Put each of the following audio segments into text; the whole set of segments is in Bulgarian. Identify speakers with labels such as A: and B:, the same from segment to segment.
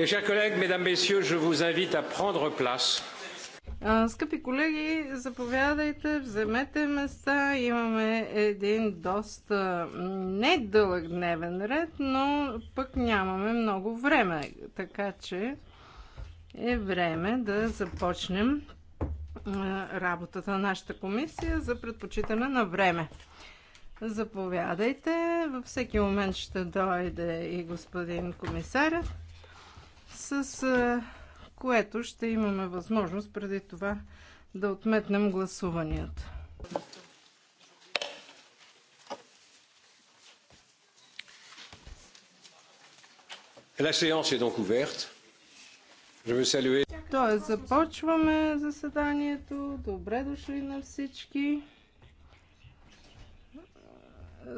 A: Mes chers collègues, mesdames, messieurs, je vous invite à prendre place.
B: Скъпи колеги, заповядайте, вземете места. Имаме един доста недълъг дневен ред, но пък нямаме много време. Така че е време да започнем работата на нашата комисия за предпочитане на време. Заповядайте. Във всеки момент ще дойде и господин комисарят с което ще имаме възможност преди това да отметнем гласуванията.
A: La séance est donc ouverte. Je veux saluer.
B: започваме заседанието. Добре дошли на всички.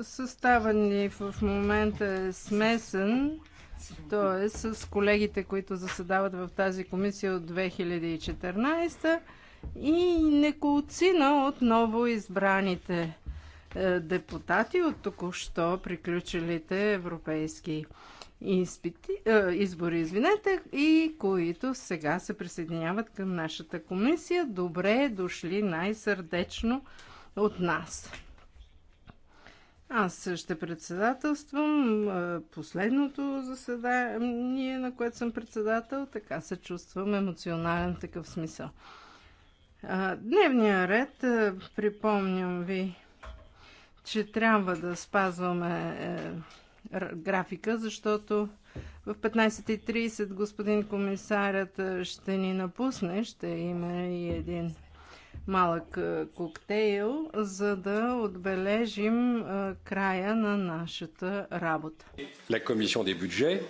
B: Съставът ни в момента е смесен. Тоест с колегите, които заседават в тази комисия от 2014 и неколцина от ново избраните е, депутати от току-що приключилите европейски изпити, е, избори, извинете, и които сега се присъединяват към нашата комисия. Добре е дошли най-сърдечно от нас. Аз ще председателствам последното заседание, на което съм председател. Така се чувствам емоционален такъв смисъл. Дневния ред, припомням ви, че трябва да спазваме е, графика, защото в 15.30 господин комисарят ще ни напусне, ще има и един малък коктейл, за да отбележим края на нашата работа.
A: La Commission des budgets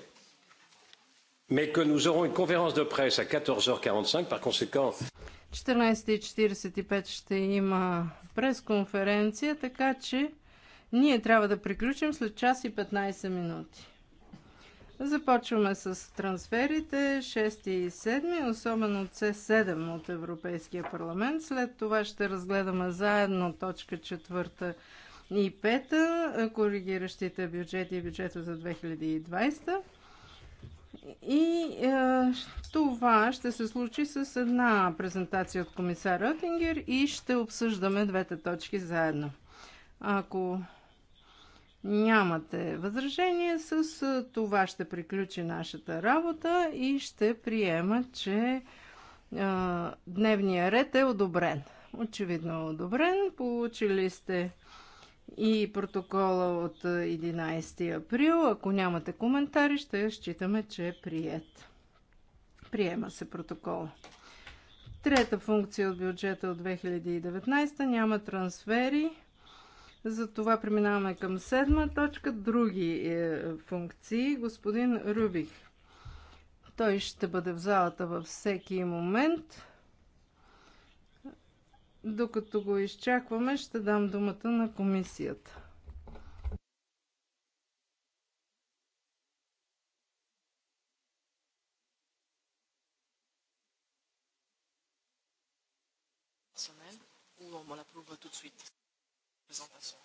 A: mais que nous aurons une conférence de presse à 14h45 par conséquent
B: 14.45 ще има пресконференция, така че ние трябва да приключим след час и 15 минути. Започваме с трансферите 6 и 7, особено C7 от Европейския парламент. След това ще разгледаме заедно точка 4 и 5, коригиращите бюджети и бюджета за 2020. И е, това ще се случи с една презентация от комисар Ротингер и ще обсъждаме двете точки заедно. Ако нямате възражение, с това ще приключи нашата работа и ще приема, че а, дневния ред е одобрен. Очевидно е одобрен. Получили сте и протокола от 11 април. Ако нямате коментари, ще считаме, че е прият. Приема се протокола. Трета функция от бюджета от 2019 няма трансфери. Затова преминаваме към седма точка. Други е, функции. Господин Рубик. Той ще бъде в залата във всеки момент. Докато го изчакваме, ще дам думата на комисията. Personnel, ou on la présentation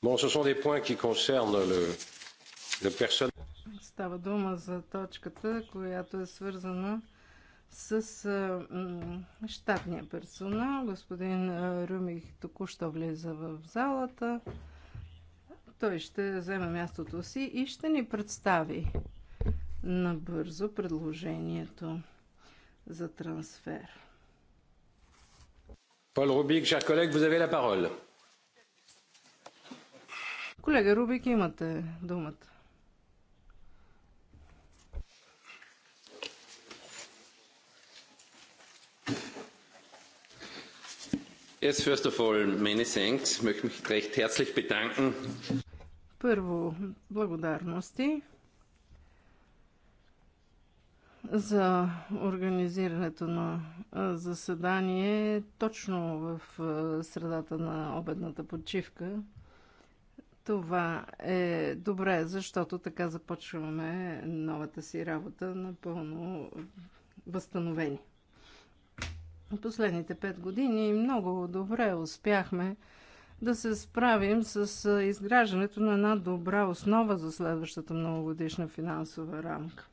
A: Bon, ce sont des points qui concernent le, le personnel.
B: Става дума за точката, която е свързана с щатния персонал. Господин Румих току-що влиза в залата. Той ще вземе мястото си и ще ни представи набързо предложението за трансфер.
A: Пол Рубик, chers колег, vous avez la parole.
B: Колега Рубик, имате думата.
A: Yes, first of all, many
B: thanks. Möchte mich recht herzlich bedanken. Първо, благодарности за организирането на заседание точно в средата на обедната почивка. Това е добре, защото така започваме новата си работа напълно възстановени последните пет години много добре успяхме да се справим с изграждането на една добра основа за следващата многогодишна финансова рамка.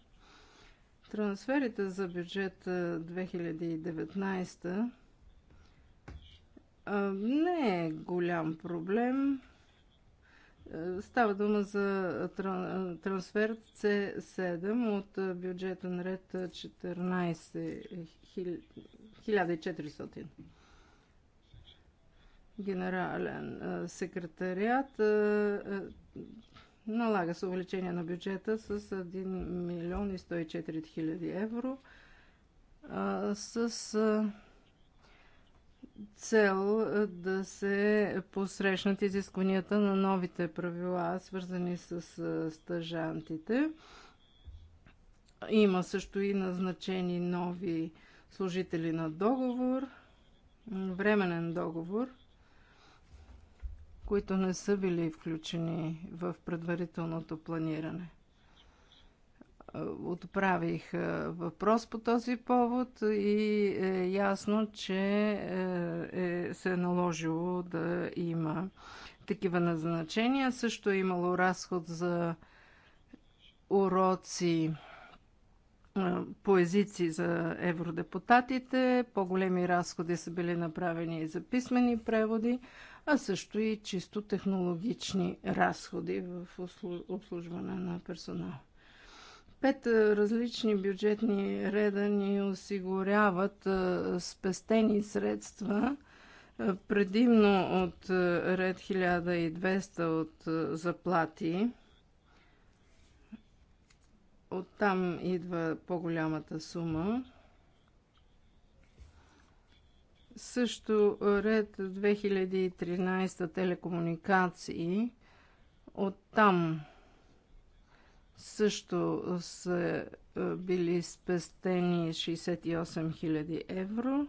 B: Трансферите за бюджет 2019 не е голям проблем. Става дума за трансфер C7 от бюджетен ред 14 1400. Генерален секретариат налага се увеличение на бюджета с 1 милион и 104 хиляди евро с цел да се посрещнат изискванията на новите правила, свързани с стъжантите. Има също и назначени нови служители на договор, временен договор, които не са били включени в предварителното планиране. Отправих въпрос по този повод и е ясно, че е, е, се е наложило да има такива назначения. Също е имало разход за уроци по езици за евродепутатите, по-големи разходи са били направени и за писмени преводи, а също и чисто технологични разходи в обслужване на персонал. Пет различни бюджетни реда ни осигуряват спестени средства, предимно от ред 1200 от заплати – Оттам идва по-голямата сума. Също ред 2013 телекомуникации. Оттам също са е, били спестени 68 000 евро.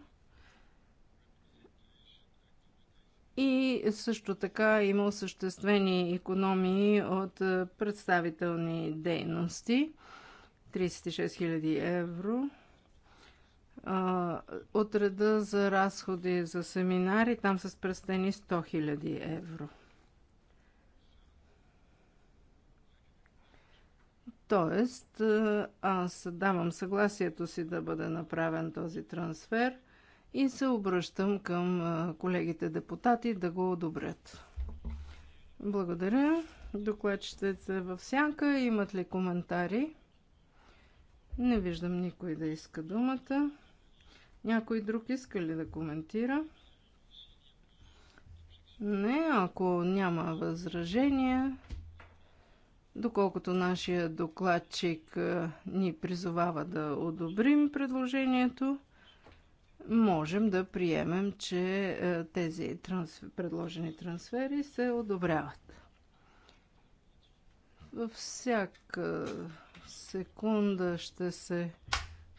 B: и също така има осъществени економии от е, представителни дейности 36 000 евро Отреда за разходи за семинари, там са спрестени 100 000 евро. Тоест, е, аз давам съгласието си да бъде направен този трансфер – и се обръщам към колегите депутати да го одобрят. Благодаря. се в сянка. Имат ли коментари? Не виждам никой да иска думата. Някой друг иска ли да коментира? Не, ако няма възражения, доколкото нашия докладчик ни призовава да одобрим предложението, можем да приемем, че е, тези трансфер, предложени трансфери се одобряват. Във всяка секунда ще се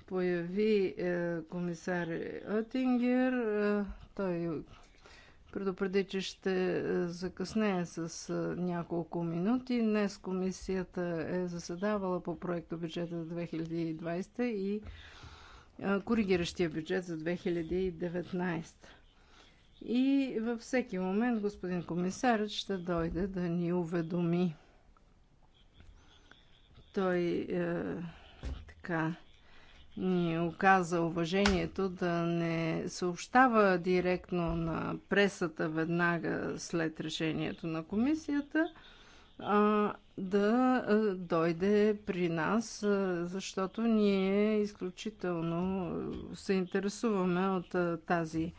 B: появи е, комисар Отингер. Е, той предупреди, че ще закъснее с няколко минути. Днес комисията е заседавала по проекта бюджета 2020 и коригиращия бюджет за 2019. И във всеки момент господин комисарът ще дойде да ни уведоми. Той е, така ни оказа уважението да не съобщава директно на пресата веднага след решението на комисията – а, да дойде при нас, защото ние изключително се интересуваме от тази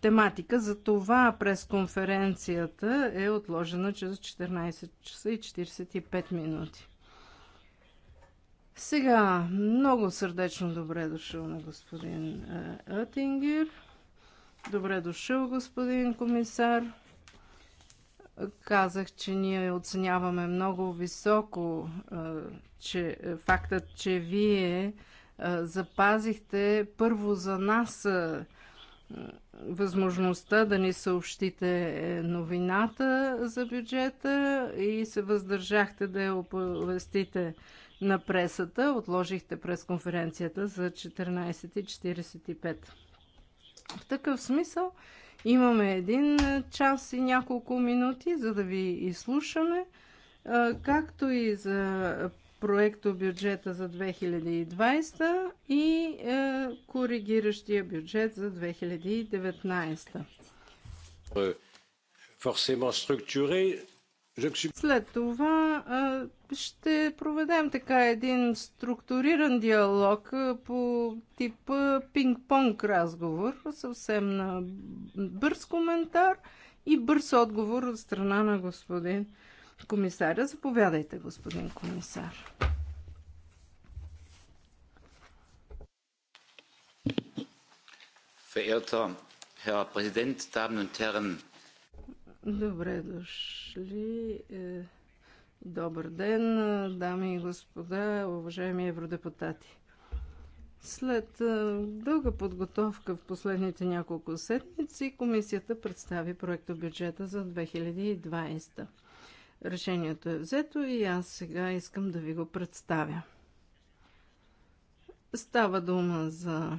B: тематика. За това пресконференцията е отложена чрез 14 часа и 45 минути. Сега, много сърдечно добре дошъл на господин Оттингер. Добре дошъл, господин комисар. Казах, че ние оценяваме много високо е, че, е, фактът, че вие е, запазихте първо за нас възможността да ни съобщите новината за бюджета и се въздържахте да я оповестите на пресата. Отложихте пресконференцията за 14.45. В такъв смисъл Имаме един час и няколко минути, за да ви изслушаме, както и за проекто бюджета за 2020 и коригиращия бюджет за 2019. Forcément structuré, след това ще проведем така един структуриран диалог по тип пинг-понг разговор, съвсем на бърз коментар и бърз отговор от страна на господин комисаря. Заповядайте, господин комисар.
A: Verehrter Herr президент, Damen и
B: Добре дошли. Е, добър ден, е, дами и господа, уважаеми евродепутати. След е, дълга подготовка в последните няколко седмици, комисията представи проекта бюджета за 2020. Решението е взето и аз сега искам да ви го представя. Става дума за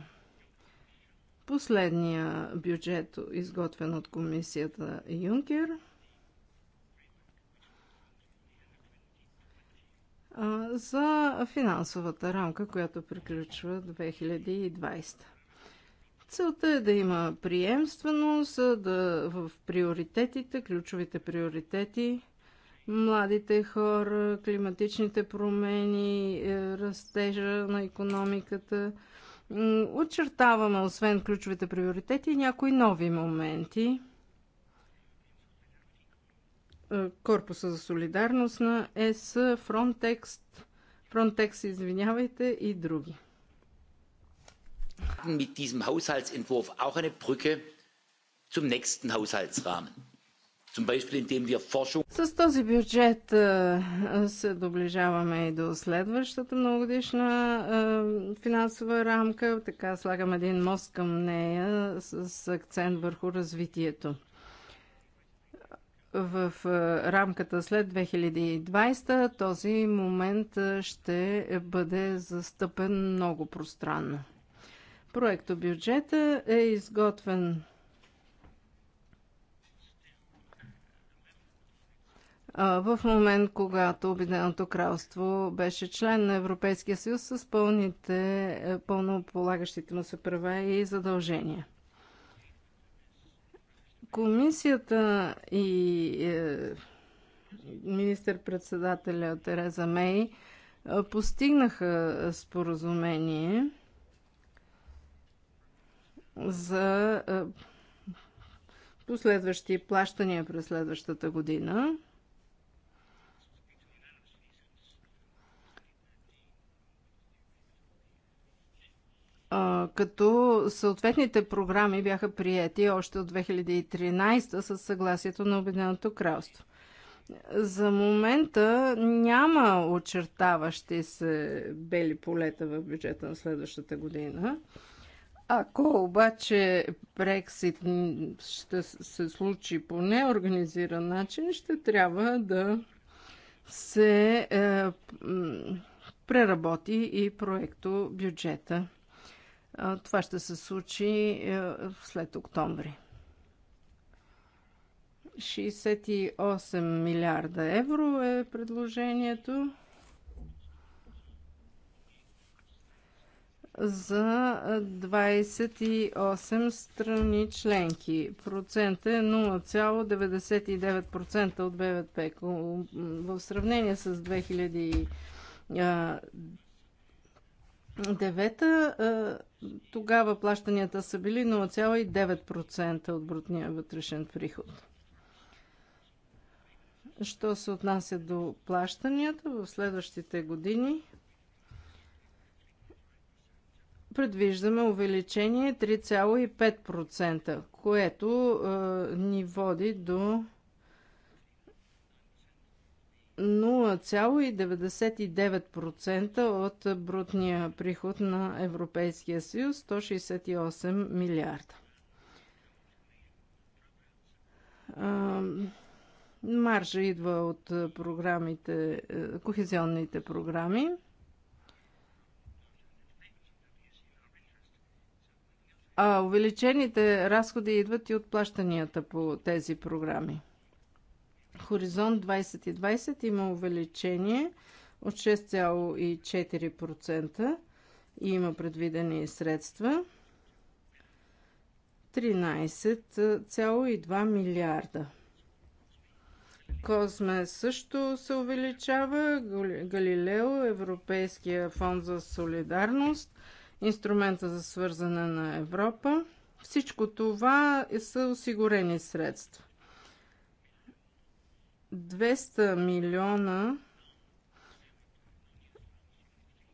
B: Последния бюджет, изготвен от комисията Юнкер, за финансовата рамка, която приключва 2020. Целта е да има приемственост да в приоритетите, ключовите приоритети, младите хора, климатичните промени, е, растежа на економиката – Очертаваме, освен ключовите приоритети, някои нови моменти. Е, Корпуса за солидарност на ЕС, Frontex, Frontex, извинявайте, и други. Mit
A: diesem Haushaltsentwurf auch eine Brücke zum nächsten Haushaltsrahmen.
B: С този бюджет се доближаваме и до следващата многогодишна финансова рамка. Така слагам един мост към нея с акцент върху развитието. В рамката след 2020 този момент ще бъде застъпен много пространно. Проекто бюджета е изготвен в момент, когато Обединеното кралство беше член на Европейския съюз с пълните, е, пълно полагащите му се права и задължения. Комисията и е, министър-председателя Тереза Мей е, постигнаха споразумение за последващи плащания през следващата година – като съответните програми бяха приети още от 2013 с съгласието на Обединеното кралство. За момента няма очертаващи се бели полета в бюджета на следващата година. Ако обаче Брексит ще се случи по неорганизиран начин, ще трябва да се е, преработи и проекто бюджета това ще се случи е, след октомври. 68 милиарда евро е предложението за 28 страни членки. Процент е 0,99% от БВП. В сравнение с 2009 тогава плащанията са били 0,9% от брутния вътрешен приход. Що се отнася до плащанията в следващите години, предвиждаме увеличение 3,5%, което е, ни води до 0,99% от брутния приход на Европейския съюз 168 милиарда. Маржа идва от програмите, кохезионните програми. А увеличените разходи идват и от плащанията по тези програми. Хоризонт 2020 има увеличение от 6,4% и има предвидени средства 13,2 милиарда. Козме също се увеличава, Галилео, Европейския фонд за солидарност, инструмента за свързане на Европа. Всичко това е, са осигурени средства. 200 милиона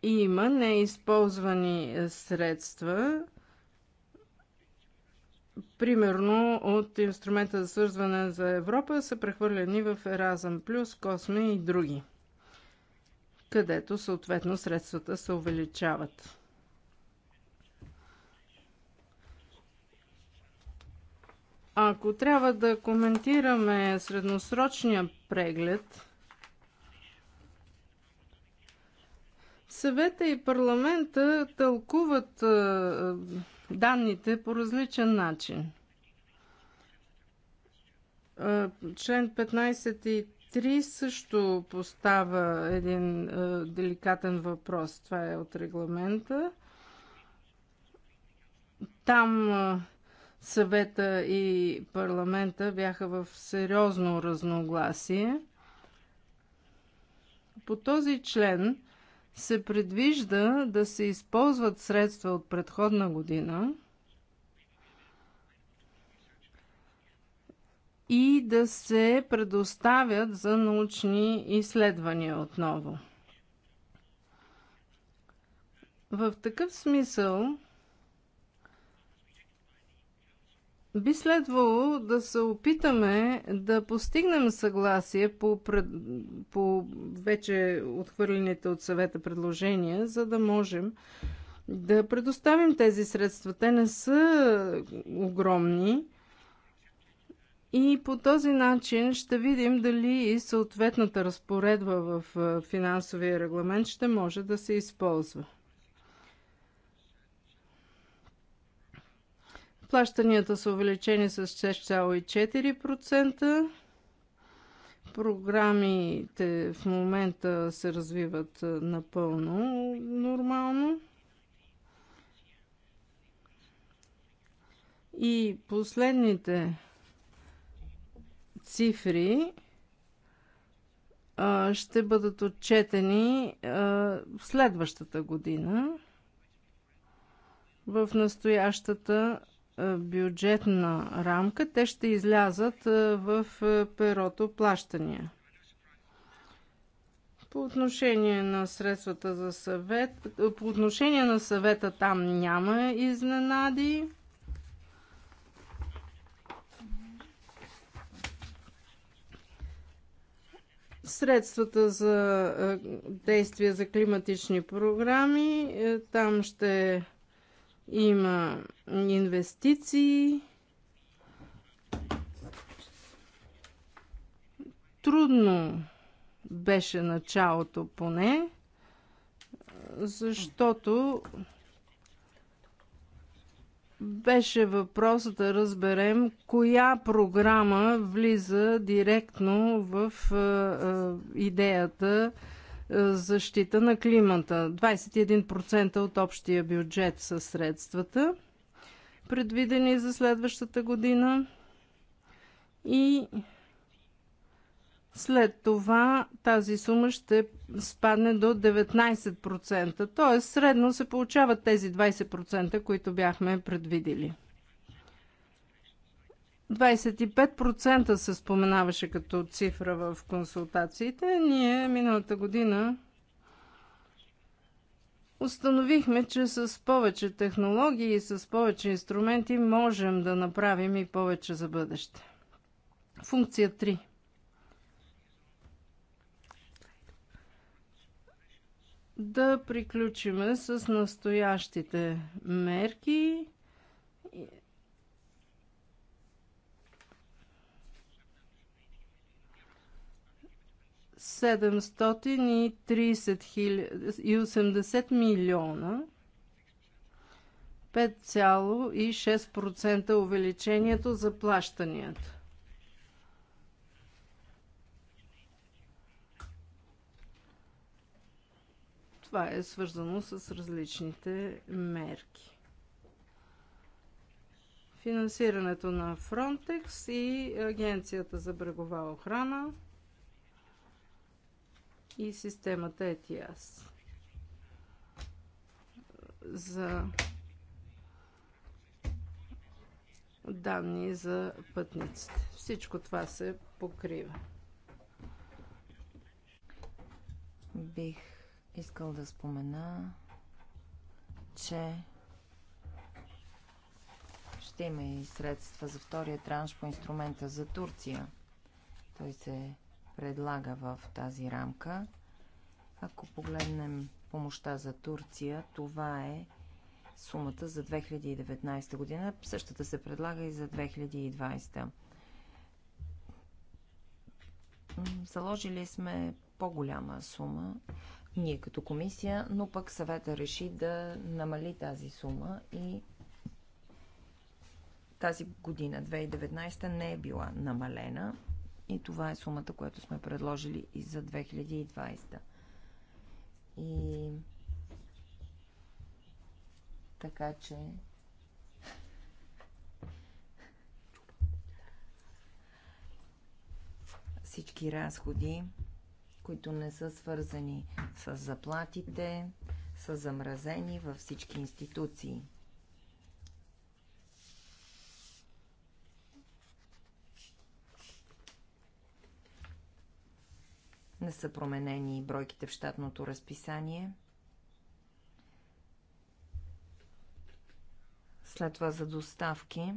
B: има неизползвани средства, примерно от инструмента за свързване за Европа са прехвърлени в Еразъм Плюс, Косме и други, където съответно средствата се увеличават. Ако трябва да коментираме средносрочния преглед, съвета и парламента тълкуват данните по различен начин. Член 153 също поставя един деликатен въпрос. Това е от регламента. Там съвета и парламента бяха в сериозно разногласие. По този член се предвижда да се използват средства от предходна година и да се предоставят за научни изследвания отново. В такъв смисъл Би следвало да се опитаме да постигнем съгласие по, пред... по вече отхвърлените от съвета предложения, за да можем да предоставим тези средства. Те не са огромни. И по този начин ще видим дали и съответната разпоредба в финансовия регламент ще може да се използва. Плащанията са увеличени с 6,4%. Програмите в момента се развиват напълно нормално. И последните цифри ще бъдат отчетени в следващата година в настоящата е, бюджетна рамка, те ще излязат е, в е, перото плащания. По отношение на средствата за съвет, по отношение на съвета там няма изненади. Средствата за действия за климатични програми, там ще има инвестиции. Трудно беше началото поне, защото беше въпрос да разберем коя програма влиза директно в идеята защита на климата. 21% от общия бюджет са средствата – предвидени за следващата година. И след това тази сума ще спадне до 19%. Т.е. средно се получават тези 20%, които бяхме предвидели. 25% се споменаваше като цифра в консултациите. Ние миналата година установихме, че с повече технологии и с повече инструменти можем да направим и повече за бъдеще. Функция 3. Да приключиме с настоящите мерки 780 милиона 5,6% увеличението за плащанията. Това е свързано с различните мерки. Финансирането на Frontex и Агенцията за брегова охрана – и системата ETIAS. За данни за пътниците. Всичко това се покрива. Бих
C: искал да спомена, че ще има и средства за втория транш по инструмента за Турция. Той се предлага в тази рамка. Ако погледнем помощта за Турция, това е сумата за 2019 година. Същата се предлага и за 2020. Заложили сме по-голяма сума, ние като комисия, но пък съвета реши да намали тази сума и тази година, 2019, не е била намалена. И това е сумата, която сме предложили и за 2020. И така че всички разходи, които не са свързани с заплатите, са замразени във всички институции. Не са променени бройките в щатното разписание. След това за доставки.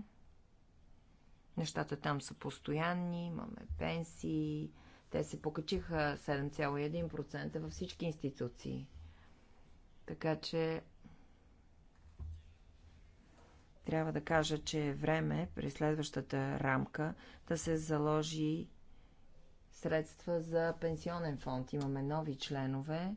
C: Нещата там са постоянни, имаме пенсии. Те се покачиха 7,1% във всички институции. Така че трябва да кажа, че е време при следващата рамка да се заложи средства за пенсионен фонд. Имаме нови членове.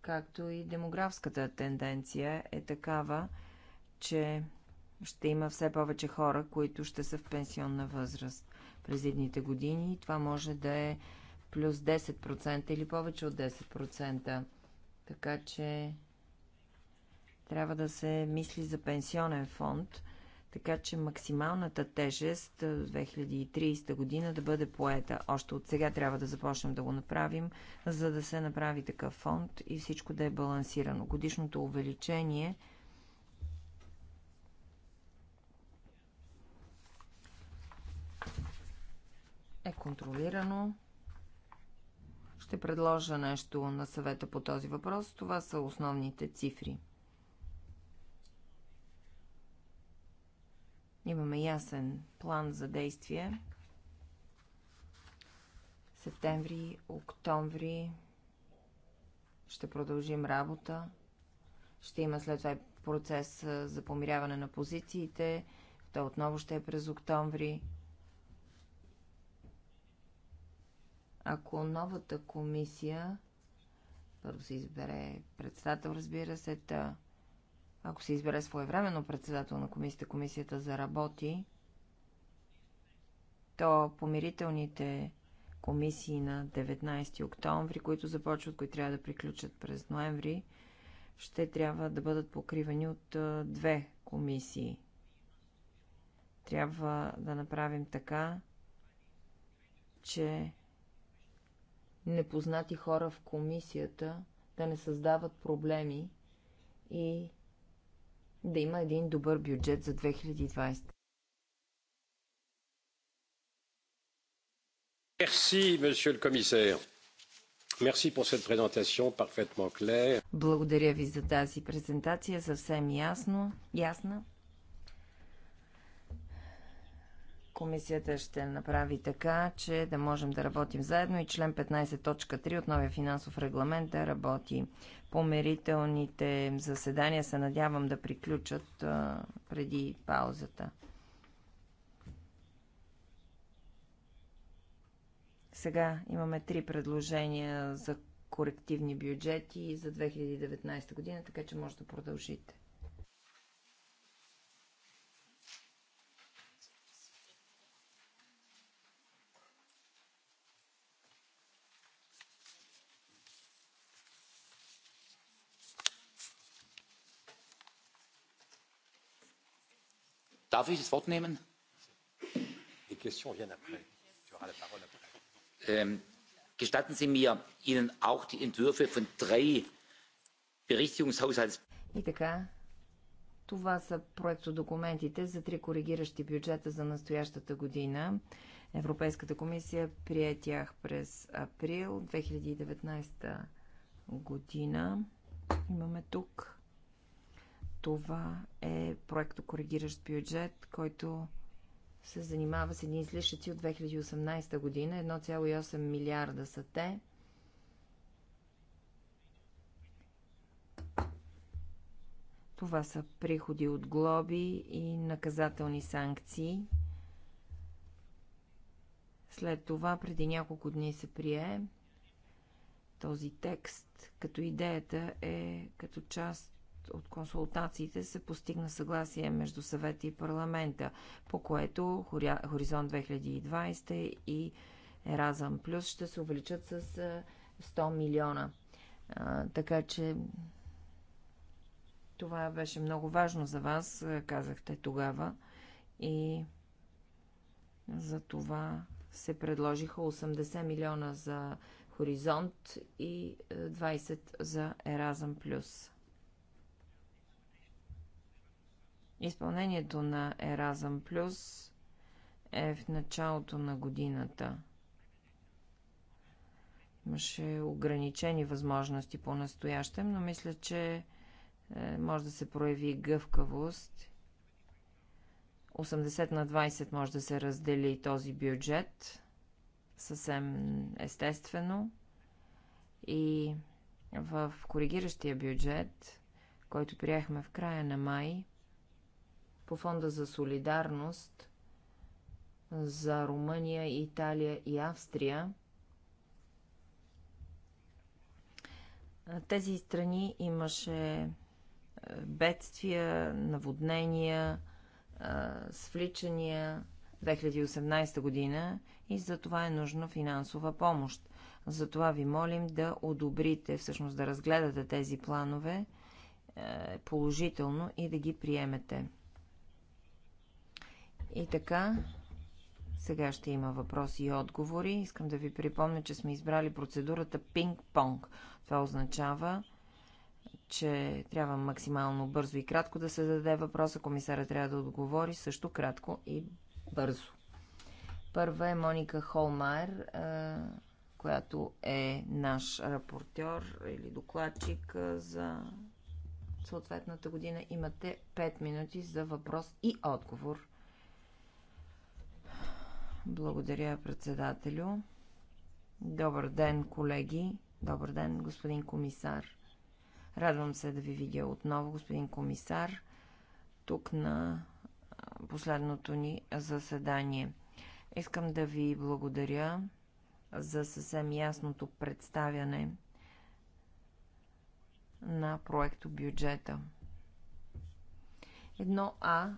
C: Както и демографската тенденция е такава, че ще има все повече хора, които ще са в пенсионна възраст през едните години. Това може да е плюс 10% или повече от 10%. Така че трябва да се мисли за пенсионен фонд, така че максималната тежест 2030 е, година да бъде поета. Още от сега трябва да започнем да го направим, за да се направи такъв фонд и всичко да е балансирано. Годишното увеличение е контролирано. Ще предложа нещо на съвета по този въпрос. Това са основните цифри. Имаме ясен план за действие. Септември, октомври ще продължим работа. Ще има след това процес за помиряване на позициите. Той отново ще е през октомври. Ако новата комисия първо се избере председател, разбира се, та ако се избере своевременно председател на комисията, комисията заработи, то помирителните комисии на 19 октомври, които започват, които трябва да приключат през ноември, ще трябва да бъдат покривани от две комисии. Трябва да направим така, че непознати хора в комисията да не създават проблеми и да има един добър бюджет за 2020.
A: Merci, monsieur le commissaire. Merci pour cette présentation parfaitement claire.
C: Благодаря ви за тази презентация, съвсем ясно, ясна. Комисията ще направи така, че да можем да работим заедно и член 15.3 от новия финансов регламент да работи. Померителните заседания се надявам да приключат а, преди паузата. Сега имаме три предложения за корективни бюджети за 2019 година, така че може да продължите.
A: Darf ich das Wort nehmen? Die question vient après. Tu auras la parole après. Ähm, gestatten Sie mir, Ihnen auch die Entwürfe von drei Berichtigungshaushalts...
C: това са проектодокументите за три коригиращи бюджета за настоящата година. Европейската комисия прие тях през април 2019 година. Имаме тук това е проекто коригиращ бюджет, който се занимава с един излишъци от 2018 година. 1,8 милиарда са те. Това са приходи от глоби и наказателни санкции. След това, преди няколко дни се прие този текст, като идеята е като част от консултациите се постигна съгласие между съвета и парламента, по което Хоризонт 2020 и Еразъм Плюс ще се увеличат с 100 милиона. А, така че това беше много важно за вас, казахте тогава. И за това се предложиха 80 милиона за Хоризонт и 20 за Еразъм Плюс. Изпълнението на Еразъм Плюс е в началото на годината. Имаше ограничени възможности по-настоящем, но мисля, че е, може да се прояви гъвкавост. 80 на 20 може да се раздели този бюджет съвсем естествено. И в коригиращия бюджет, който приехме в края на май, по Фонда за солидарност за Румъния, Италия и Австрия. Тези страни имаше е, бедствия, наводнения, е, свличания 2018 година и за това е нужна финансова помощ. Затова ви молим да одобрите, всъщност да разгледате тези планове е, положително и да ги приемете. И така, сега ще има въпроси и отговори. Искам да ви припомня, че сме избрали процедурата пинг-понг. Това означава, че трябва максимално бързо и кратко да се даде въпроса. Комисаря трябва да отговори също кратко и бързо. Първа е Моника Холмайер, която е наш рапортьор или докладчик за съответната година. Имате 5 минути за въпрос и отговор. Благодаря, председателю. Добър ден, колеги. Добър ден, господин комисар. Радвам се да ви видя отново, господин комисар, тук на последното ни заседание. Искам да ви благодаря за съвсем ясното представяне на проекто бюджета. Едно А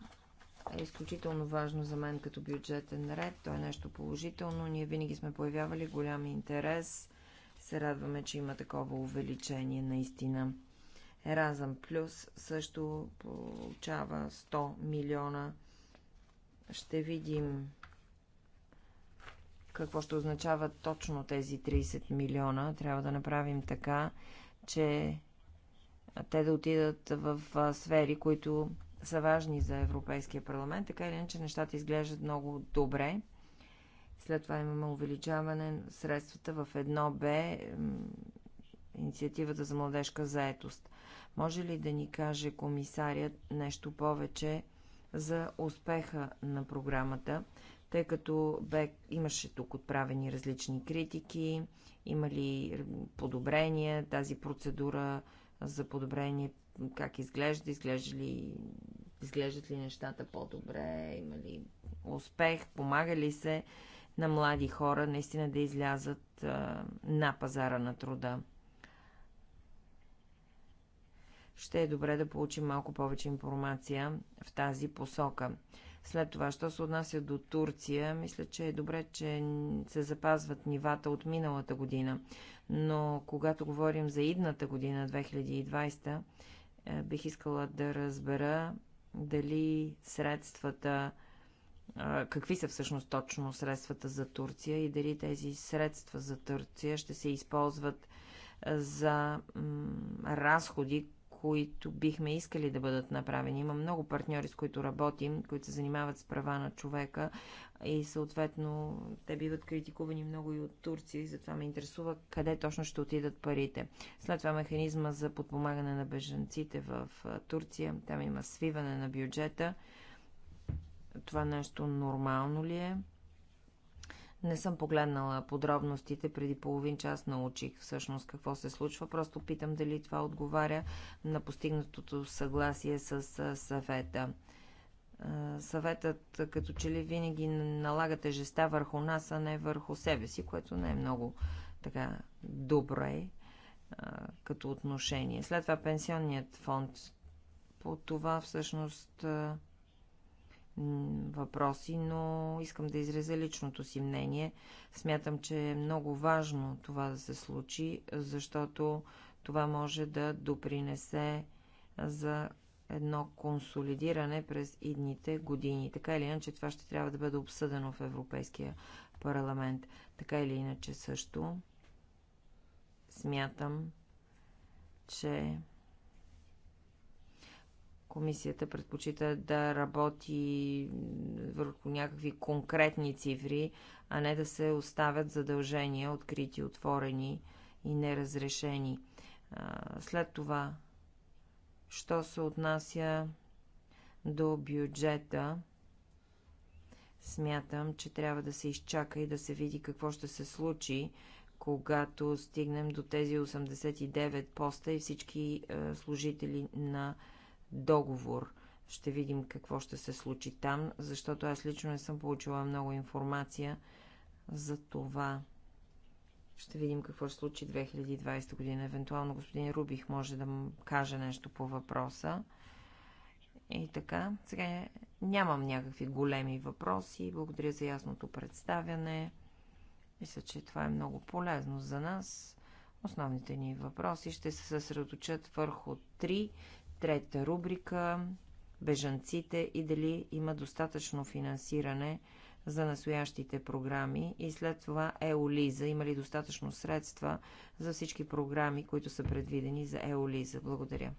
C: е изключително важно за мен като бюджетен ред. То е нещо положително. Ние винаги сме появявали голям интерес. Се радваме, че има такова увеличение наистина. Еразъм Плюс също получава 100 милиона. Ще видим какво ще означават точно тези 30 милиона. Трябва да направим така, че те да отидат в сфери, които са важни за Европейския парламент. Така или иначе нещата изглеждат много добре. След това имаме увеличаване на средствата в 1Б, инициативата за младежка заетост. Може ли да ни каже комисарият нещо повече за успеха на програмата, тъй като бе, имаше тук отправени различни критики, има ли подобрения, тази процедура за подобрение как изглежда, изглежда ли, изглеждат ли нещата по-добре, има ли успех, помага ли се на млади хора наистина да излязат а, на пазара на труда. Ще е добре да получим малко повече информация в тази посока. След това, що се отнася до Турция, мисля, че е добре, че се запазват нивата от миналата година. Но когато говорим за идната година, 2020, е, бих искала да разбера дали средствата, е, какви са всъщност точно средствата за Турция и дали тези средства за Турция ще се използват е, за разходи, които бихме искали да бъдат направени. Има много партньори, с които работим, които се занимават с права на човека и съответно те биват критикувани много и от Турция и затова ме интересува къде точно ще отидат парите. След това механизма за подпомагане на бежанците в Турция, там има свиване на бюджета. Това нещо нормално ли е? Не съм погледнала подробностите, преди половин час научих всъщност какво се случва. Просто питам дали това отговаря на постигнатото съгласие с съвета. Съветът като че ли винаги налага тежеста върху нас, а не върху себе си, което не е много така добре като отношение. След това пенсионният фонд. По това всъщност въпроси, но искам да изразя личното си мнение. Смятам, че е много важно това да се случи, защото това може да допринесе за едно консолидиране през идните години. Така или иначе това ще трябва да бъде обсъдено в Европейския парламент. Така или иначе също смятам, че Комисията предпочита да работи върху някакви конкретни цифри, а не да се оставят задължения открити, отворени и неразрешени. След това, що се отнася до бюджета, смятам, че трябва да се изчака и да се види какво ще се случи, когато стигнем до тези 89 поста и всички служители на договор. Ще видим какво ще се случи там, защото аз лично не съм получила много информация за това. Ще видим какво ще случи 2020 година. Евентуално господин Рубих може да му каже нещо по въпроса. И така, сега нямам някакви големи въпроси. Благодаря за ясното представяне. Мисля, че това е много полезно за нас. Основните ни въпроси ще се съсредоточат върху три Трета рубрика – бежанците и дали има достатъчно финансиране за настоящите програми и след това ЕОЛИЗа. Има ли достатъчно средства за всички програми, които са предвидени за ЕОЛИЗа? Благодаря.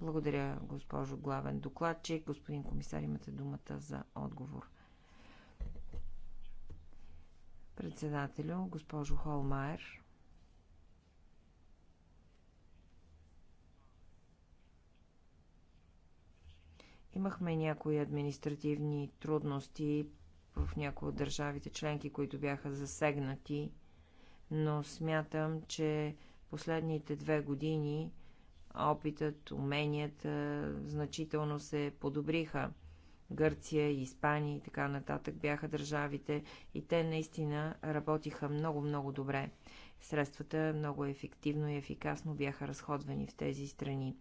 C: Благодаря, госпожо главен докладчик. Господин комисар, имате думата за отговор. Председателю, госпожо Холмайер. Имахме някои административни трудности в някои от държавите членки, които бяха засегнати, но смятам, че последните две години опитът, уменията значително се подобриха. Гърция, Испания и така нататък бяха държавите и те наистина работиха много-много добре. Средствата много ефективно и ефикасно бяха разходвани в тези страни.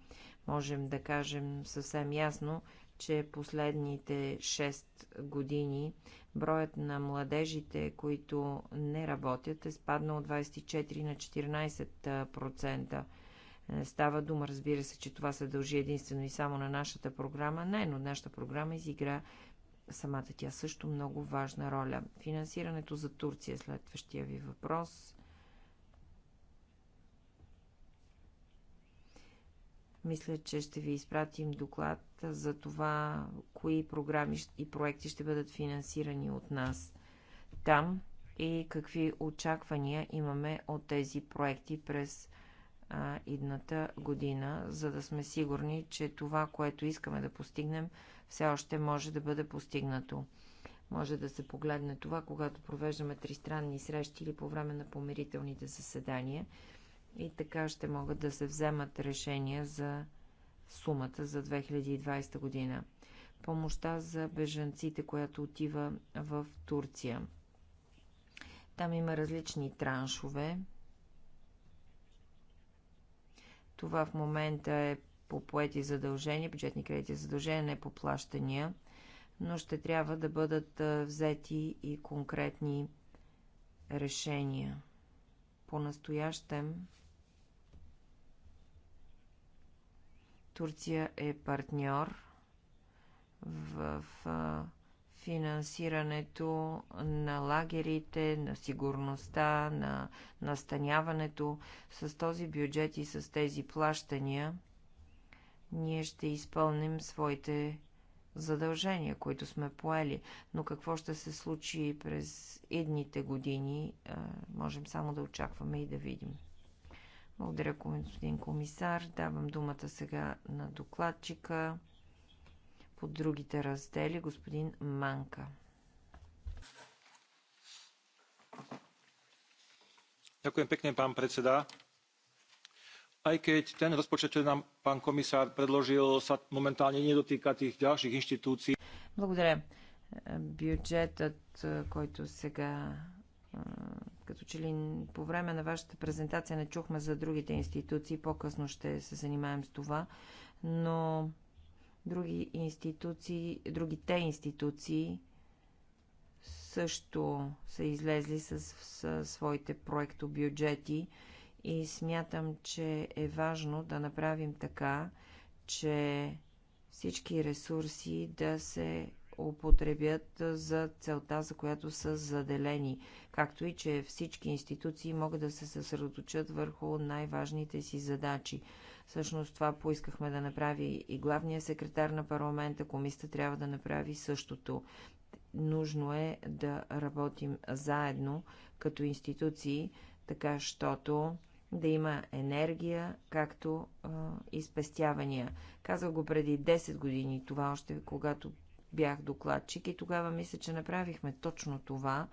C: Можем да кажем съвсем ясно, че последните 6 години броят на младежите, които не работят, е спаднал от 24 на 14%. Е, става дума, разбира се, че това се дължи единствено и само на нашата програма. Не, но нашата програма изигра самата тя също много важна роля. Финансирането за Турция, е следващия ви въпрос. Мисля, че ще ви изпратим доклад дебата за това, кои програми и проекти ще бъдат финансирани от нас там и какви очаквания имаме от тези проекти през а, идната година, за да сме сигурни, че това, което искаме да постигнем, все още може да бъде постигнато. Може да се погледне това, когато провеждаме тристранни срещи или по време на помирителните заседания. И така ще могат да се вземат решения за сумата за 2020 година. Помощта за бежанците, която отива в Турция. Там има различни траншове. Това в момента е по поети задължения, бюджетни кредити задължения, не по плащания, но ще трябва да бъдат взети и конкретни решения. По-настоящем Турция е партньор в финансирането на лагерите, на сигурността, на настаняването. С този бюджет и с тези плащания ние ще изпълним своите задължения, които сме поели. Но какво ще се случи през едните години, можем само да очакваме и да видим. Благодаря, господин комисар. Давам думата сега на докладчика по другите раздели, господин Манка.
A: Ďakujem pekne, pán predseda. Aj keď ten rozpočet, čo nám pán komisár predložil, sa momentálne nedotýka tých ďalších inštitúcií.
C: Благодаря. Бюджетът, който сега като че ли по време на вашата презентация не чухме за другите институции, по-късно ще се занимаем с това, но други институции, другите институции също са излезли с, с своите проектобюджети и смятам, че е важно да направим така, че всички ресурси да се употребят за целта, за която са заделени, както и че всички институции могат да се съсредоточат върху най-важните си задачи. Всъщност това поискахме да направи и главния секретар на парламента, комисията трябва да направи същото. Нужно е да работим заедно като институции, така щото да има енергия, както а, и спестявания. Казах го преди 10 години, това още когато бях докладчик и тогава мисля, че направихме точно това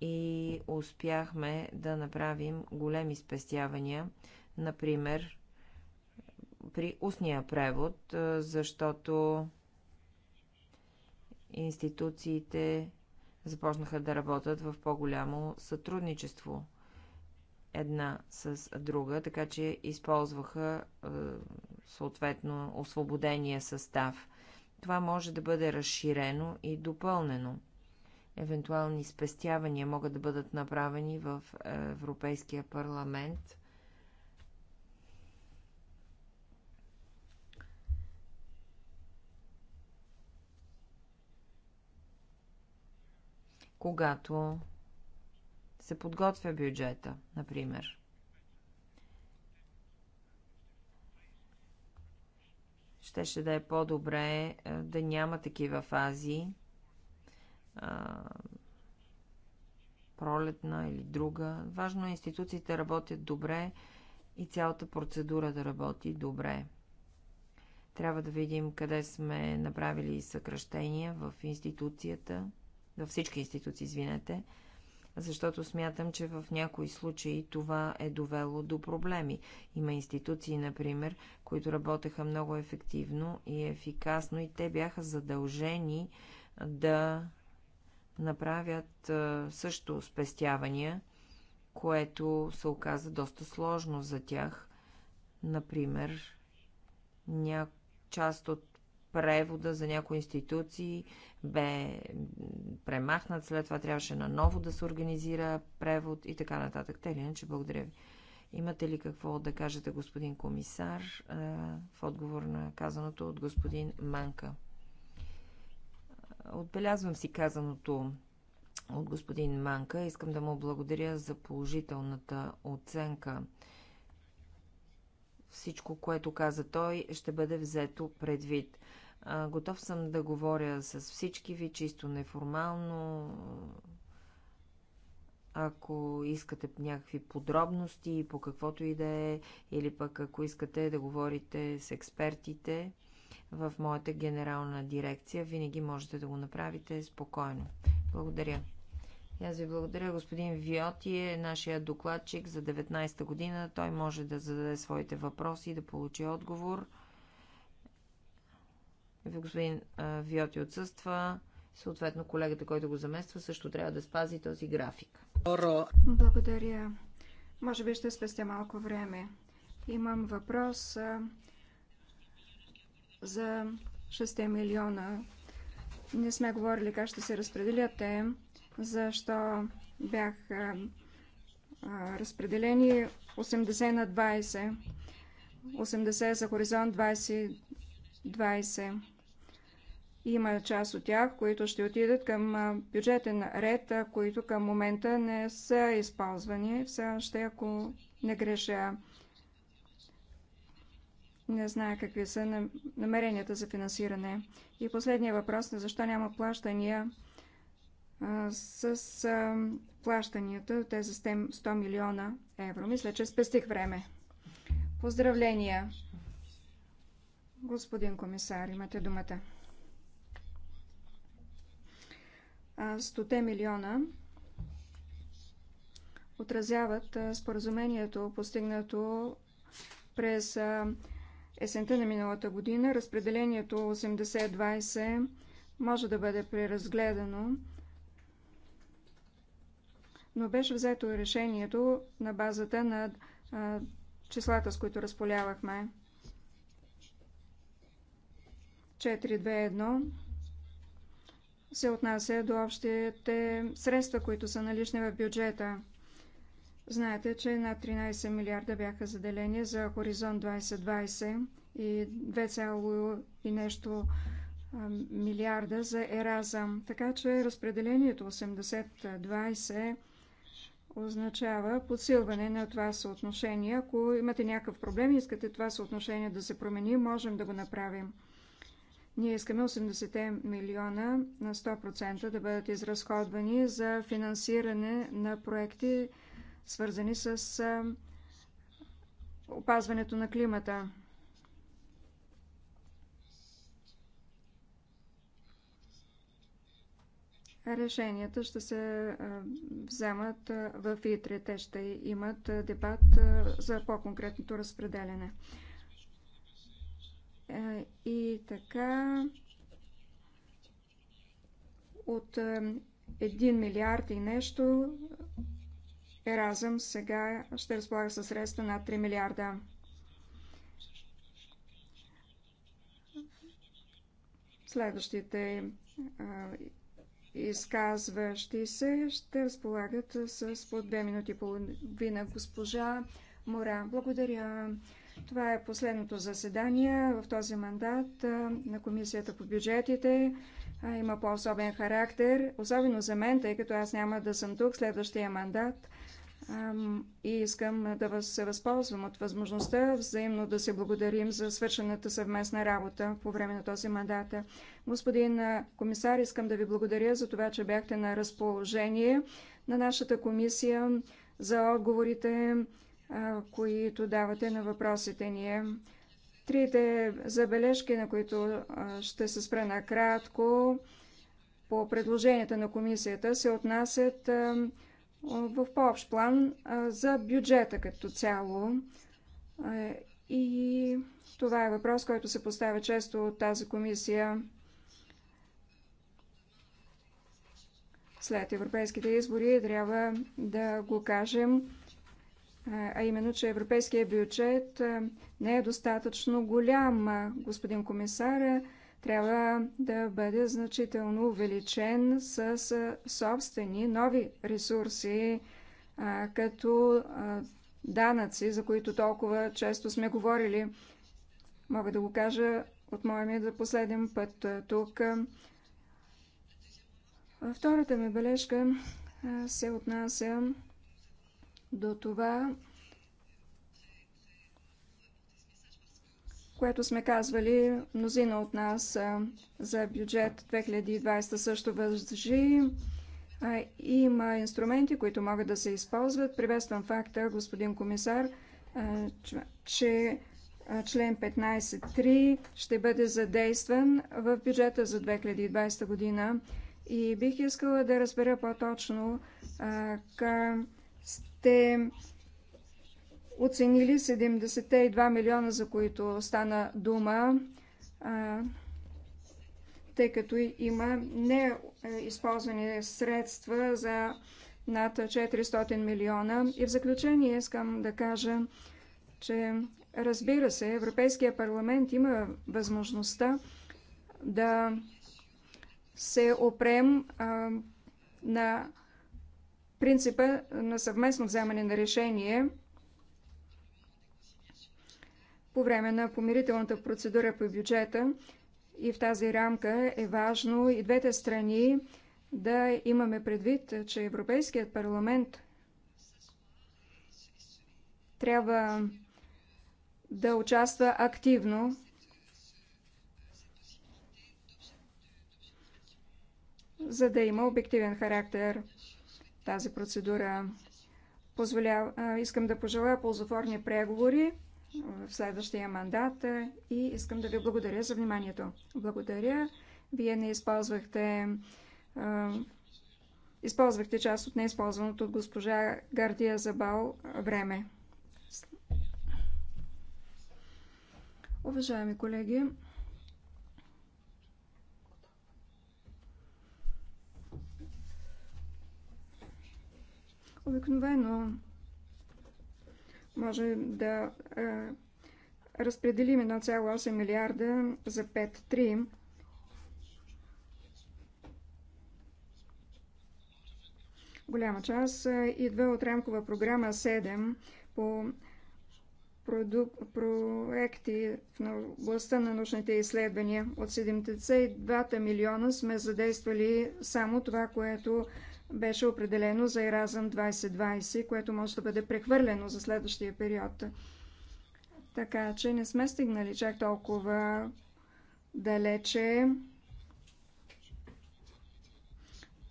C: и успяхме да направим големи спестявания, например при устния превод, защото институциите започнаха да работят в по-голямо сътрудничество една с друга, така че използваха съответно освободения състав. Това може да бъде разширено и допълнено. Евентуални спестявания могат да бъдат направени в е, Европейския парламент. Когато се подготвя бюджета, например. Щеше да е по-добре е, да няма такива фази, пролетна или друга. Важно е институциите работят добре и цялата процедура да работи добре. Трябва да видим къде сме направили съкръщения в институцията, във всички институции, извинете, защото смятам, че в някои случаи това е довело до проблеми. Има институции, например, които работеха много ефективно и ефикасно и те бяха задължени да направят също спестявания, което се оказа доста сложно за тях. Например, ня... част от превода за някои институции бе премахнат, след това трябваше наново да се организира превод и така нататък. Те ли иначе, благодаря ви. Имате ли какво да кажете, господин комисар, е, в отговор на казаното от господин Манка? Отбелязвам си казаното от господин Манка. Искам да му благодаря за положителната оценка. Всичко, което каза той, ще бъде взето предвид. Готов съм да говоря с всички ви, чисто неформално. Ако искате някакви подробности по каквото и да е, или пък ако искате да говорите с експертите в моята генерална дирекция, винаги можете да го направите спокойно. Благодаря. И аз ви благодаря. Господин Виоти е нашия докладчик за 19-та година. Той може да зададе своите въпроси и да получи отговор господин Виоти отсъства. Съответно, колегата, който го замества, също трябва да спази този график.
D: Благодаря. Може би ще спестя малко време. Имам въпрос за 6 милиона. Не сме говорили как ще се разпределят те, защо бях разпределени 80 на 20. 80 за хоризонт 20. 20. Има част от тях, които ще отидат към бюджетен ред, които към момента не са използвани. Все още ако не греша, не знае какви са намеренията за финансиране. И последния въпрос е защо няма плащания с плащанията, от тези 100 милиона евро. Мисля, че спестих време. Поздравления! Господин комисар, имате думата. 100 милиона отразяват споразумението, постигнато през есента на миналата година. Разпределението 80-20 може да бъде преразгледано, но беше взето решението на базата на числата, с които разполявахме. 4-2-1 се отнася до общите средства, които са налични в бюджета. Знаете, че над 13 милиарда бяха заделени за Хоризонт 2020 и 2, и нещо милиарда за Еразъм. Така че разпределението 80-20 означава подсилване на това съотношение. Ако имате някакъв проблем и искате това съотношение да се промени, можем да го направим. Ние искаме 80 милиона на 100% да бъдат изразходвани за финансиране на проекти, свързани с опазването на климата. Решенията ще се вземат в ИТРЕ. Те ще имат дебат за по-конкретното разпределяне. Е, и така от 1 е, милиард и нещо Еразъм сега ще разполага със средства над 3 милиарда. Следващите е, изказващи се ще разполагат с по 2 минути и половина госпожа Мора. Благодаря. Това е последното заседание в този мандат на Комисията по бюджетите. Има по-особен характер, особено за мен, тъй като аз няма да съм тук следващия мандат. И искам да се възползвам от възможността взаимно да се благодарим за свършената съвместна работа по време на този мандат. Господин комисар, искам да ви благодаря за това, че бяхте на разположение на нашата комисия за отговорите, които давате на въпросите ни. Трите забележки, на които ще се спра накратко по предложенията на комисията, се отнасят в по-общ план за бюджета като цяло. И това е въпрос, който се поставя често от тази комисия след европейските избори. Трябва да го кажем а именно, че европейския бюджет не е достатъчно голям. Господин комисар, трябва да бъде значително увеличен с собствени нови ресурси, като данъци, за които толкова често сме говорили. Мога да го кажа от моя ми за да последен път тук. Втората ми бележка се отнася до това, което сме казвали мнозина от нас за бюджет 2020 също въжи. Има инструменти, които могат да се използват. Приветствам факта, господин комисар, че член 15.3 ще бъде задействан в бюджета за 2020 година. И бих искала да разбера по-точно към сте оценили 72 милиона, за които стана дума, тъй като има неизползвани средства за над 400 милиона. И в заключение искам да кажа, че разбира се, Европейския парламент има възможността да се опрем а, на принципа на съвместно вземане на решение по време на помирителната процедура по бюджета и в тази рамка е важно и двете страни да имаме предвид, че Европейският парламент трябва да участва активно за да има обективен характер тази процедура. Позволя, искам да пожелая ползотворни преговори в следващия мандат и искам да ви благодаря за вниманието. Благодаря. Вие не използвахте използвахте част от неизползваното от госпожа Гардия Забал време. Уважаеми колеги, Обикновено може да разпределим 1,8 милиарда за 5-3. Голяма част идва от рамкова програма 7 по проекти в областта на научните изследвания. От 72 милиона сме задействали само това, което беше определено за Еразъм 2020, което може да бъде прехвърлено за следващия период. Така че не сме стигнали чак толкова далече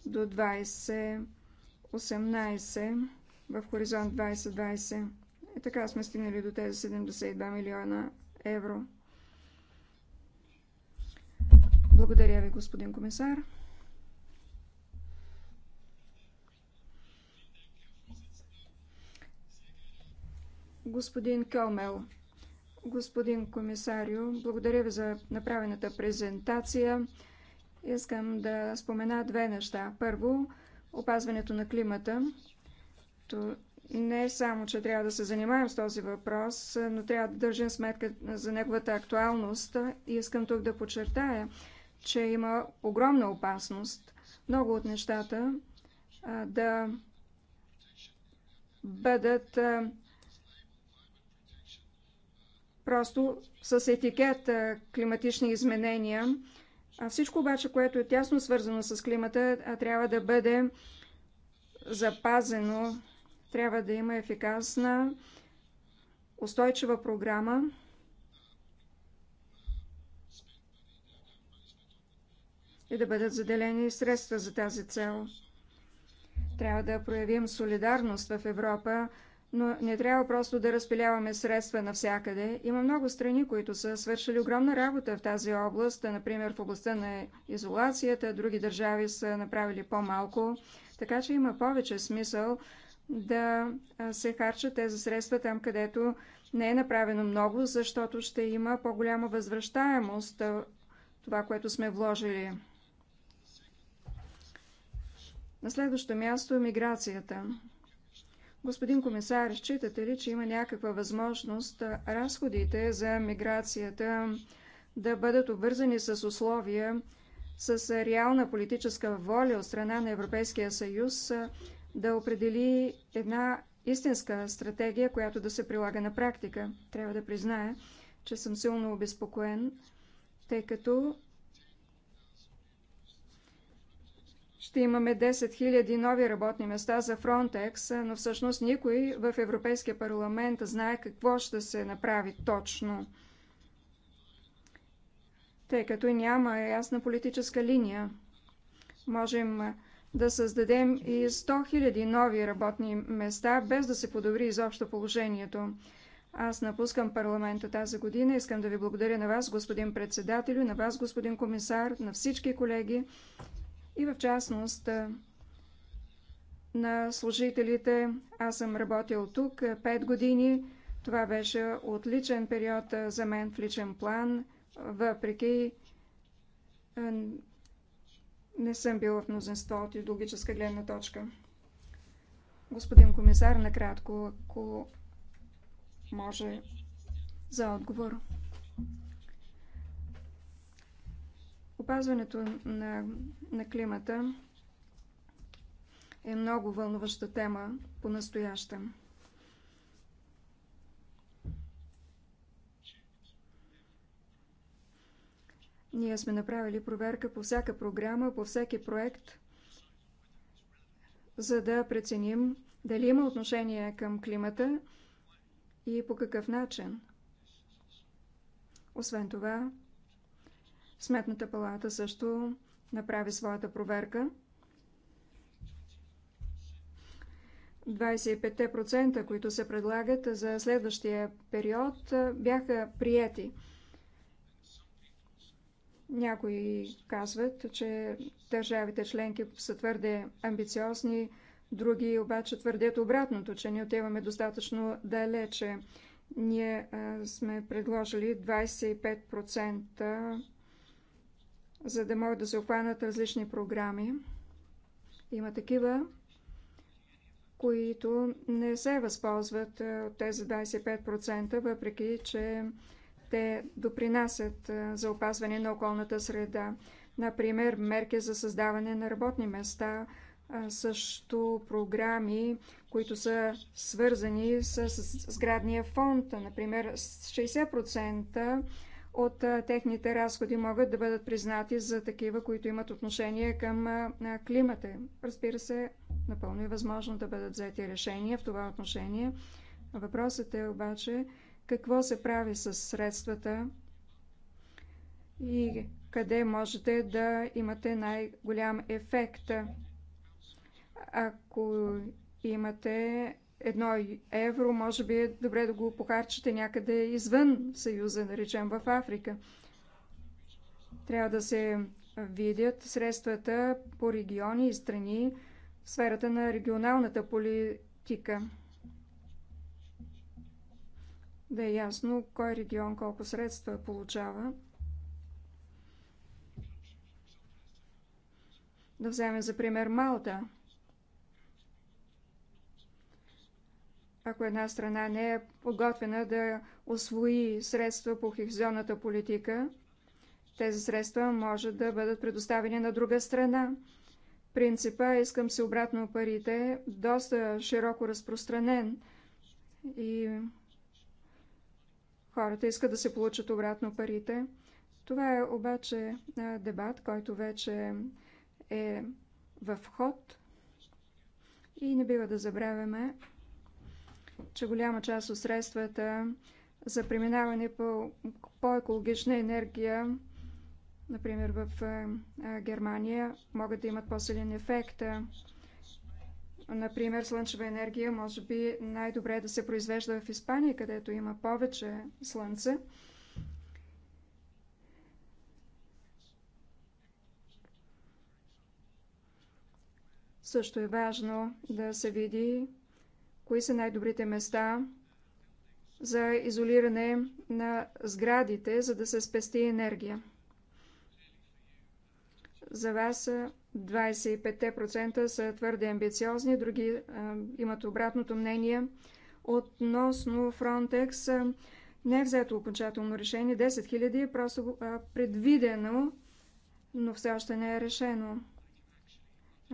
D: до 2018 в хоризонт 2020. И е, така сме стигнали до тези 72 милиона евро. Благодаря ви, господин комисар. Господин Кьомел, господин комисарио, благодаря ви за направената презентация. Искам да спомена две неща. Първо, опазването на климата. То не само, че трябва да се занимаем с този въпрос, но трябва да държим сметка за неговата актуалност. И искам тук да подчертая, че има огромна опасност много от нещата да бъдат просто с етикет климатични изменения. А всичко обаче, което е тясно свързано с климата, трябва да бъде запазено. Трябва да има ефикасна, устойчива програма. и да бъдат заделени средства за тази цел. Трябва да проявим солидарност в Европа, но не трябва просто да разпиляваме средства навсякъде. Има много страни, които са свършили огромна работа в тази област, например в областта на изолацията, други държави са направили по-малко, така че има повече смисъл да се харчат тези средства там, където не е направено много, защото ще има по-голяма възвръщаемост това, което сме вложили. На следващо място – миграцията. Господин комисар, считате ли, че има някаква възможност разходите за миграцията да бъдат обвързани с условия, с реална политическа воля от страна на Европейския съюз да определи една истинска стратегия, която да се прилага на практика? Трябва да призная, че съм силно обезпокоен, тъй като ще имаме 10 000 нови работни места за Frontex, но всъщност никой в Европейския парламент знае какво ще се направи точно, тъй като няма ясна политическа линия. Можем да създадем и 100 000 нови работни места, без да се подобри изобщо положението. Аз напускам парламента тази година. Искам да ви благодаря на вас, господин председателю, на вас, господин комисар, на всички колеги и в частност на служителите. Аз съм работил тук 5 години. Това беше отличен период за мен в личен план, въпреки не съм била в мнозинство от идеологическа гледна точка. Господин комисар, накратко, ако може за отговор. Опазването на, на климата е много вълнуваща тема по-настоящем. Ние сме направили проверка по всяка програма, по всеки проект, за да преценим дали има отношение към климата и по какъв начин. Освен това, Сметната палата също направи своята проверка. 25%, които се предлагат за следващия период, бяха приети. Някои казват, че държавите членки са твърде амбициозни, други обаче твърдят обратното, че не отиваме достатъчно далече. Ние а, сме предложили 25% за да могат да се обхванат различни програми. Има такива, които не се възползват от тези 25%, въпреки че те допринасят за опазване на околната среда. Например, мерки за създаване на работни места, също програми, които са свързани с сградния фонд. Например, 60% от техните разходи могат да бъдат признати за такива, които имат отношение към климата. Разбира се, напълно е възможно да бъдат взети решения в това отношение. Въпросът е обаче какво се прави с средствата и къде можете да имате най-голям ефект. Ако имате едно евро, може би е добре да го похарчите някъде извън Съюза, да речем в Африка. Трябва да се видят средствата по региони и страни в сферата на регионалната политика. Да е ясно кой регион колко средства получава. Да вземем за пример Малта – Ако една страна не е подготвена да освои средства по хихизионната политика, тези средства може да бъдат предоставени на друга страна. Принципа «искам се обратно парите» е доста широко разпространен и хората искат да се получат обратно парите. Това е обаче дебат, който вече е в ход и не бива да забравяме, че голяма част от средствата за преминаване по по-екологична енергия, например в е, Германия, могат да имат по-силен ефект. Например, слънчева енергия може би най-добре да се произвежда в Испания, където има повече слънце. Също е важно да се види кои са най-добрите места за изолиране на сградите, за да се спести енергия. За вас 25% са твърде амбициозни, други а, имат обратното мнение. Относно Frontex а, не е взето окончателно решение. 10 000 е просто а, предвидено, но все още не е решено.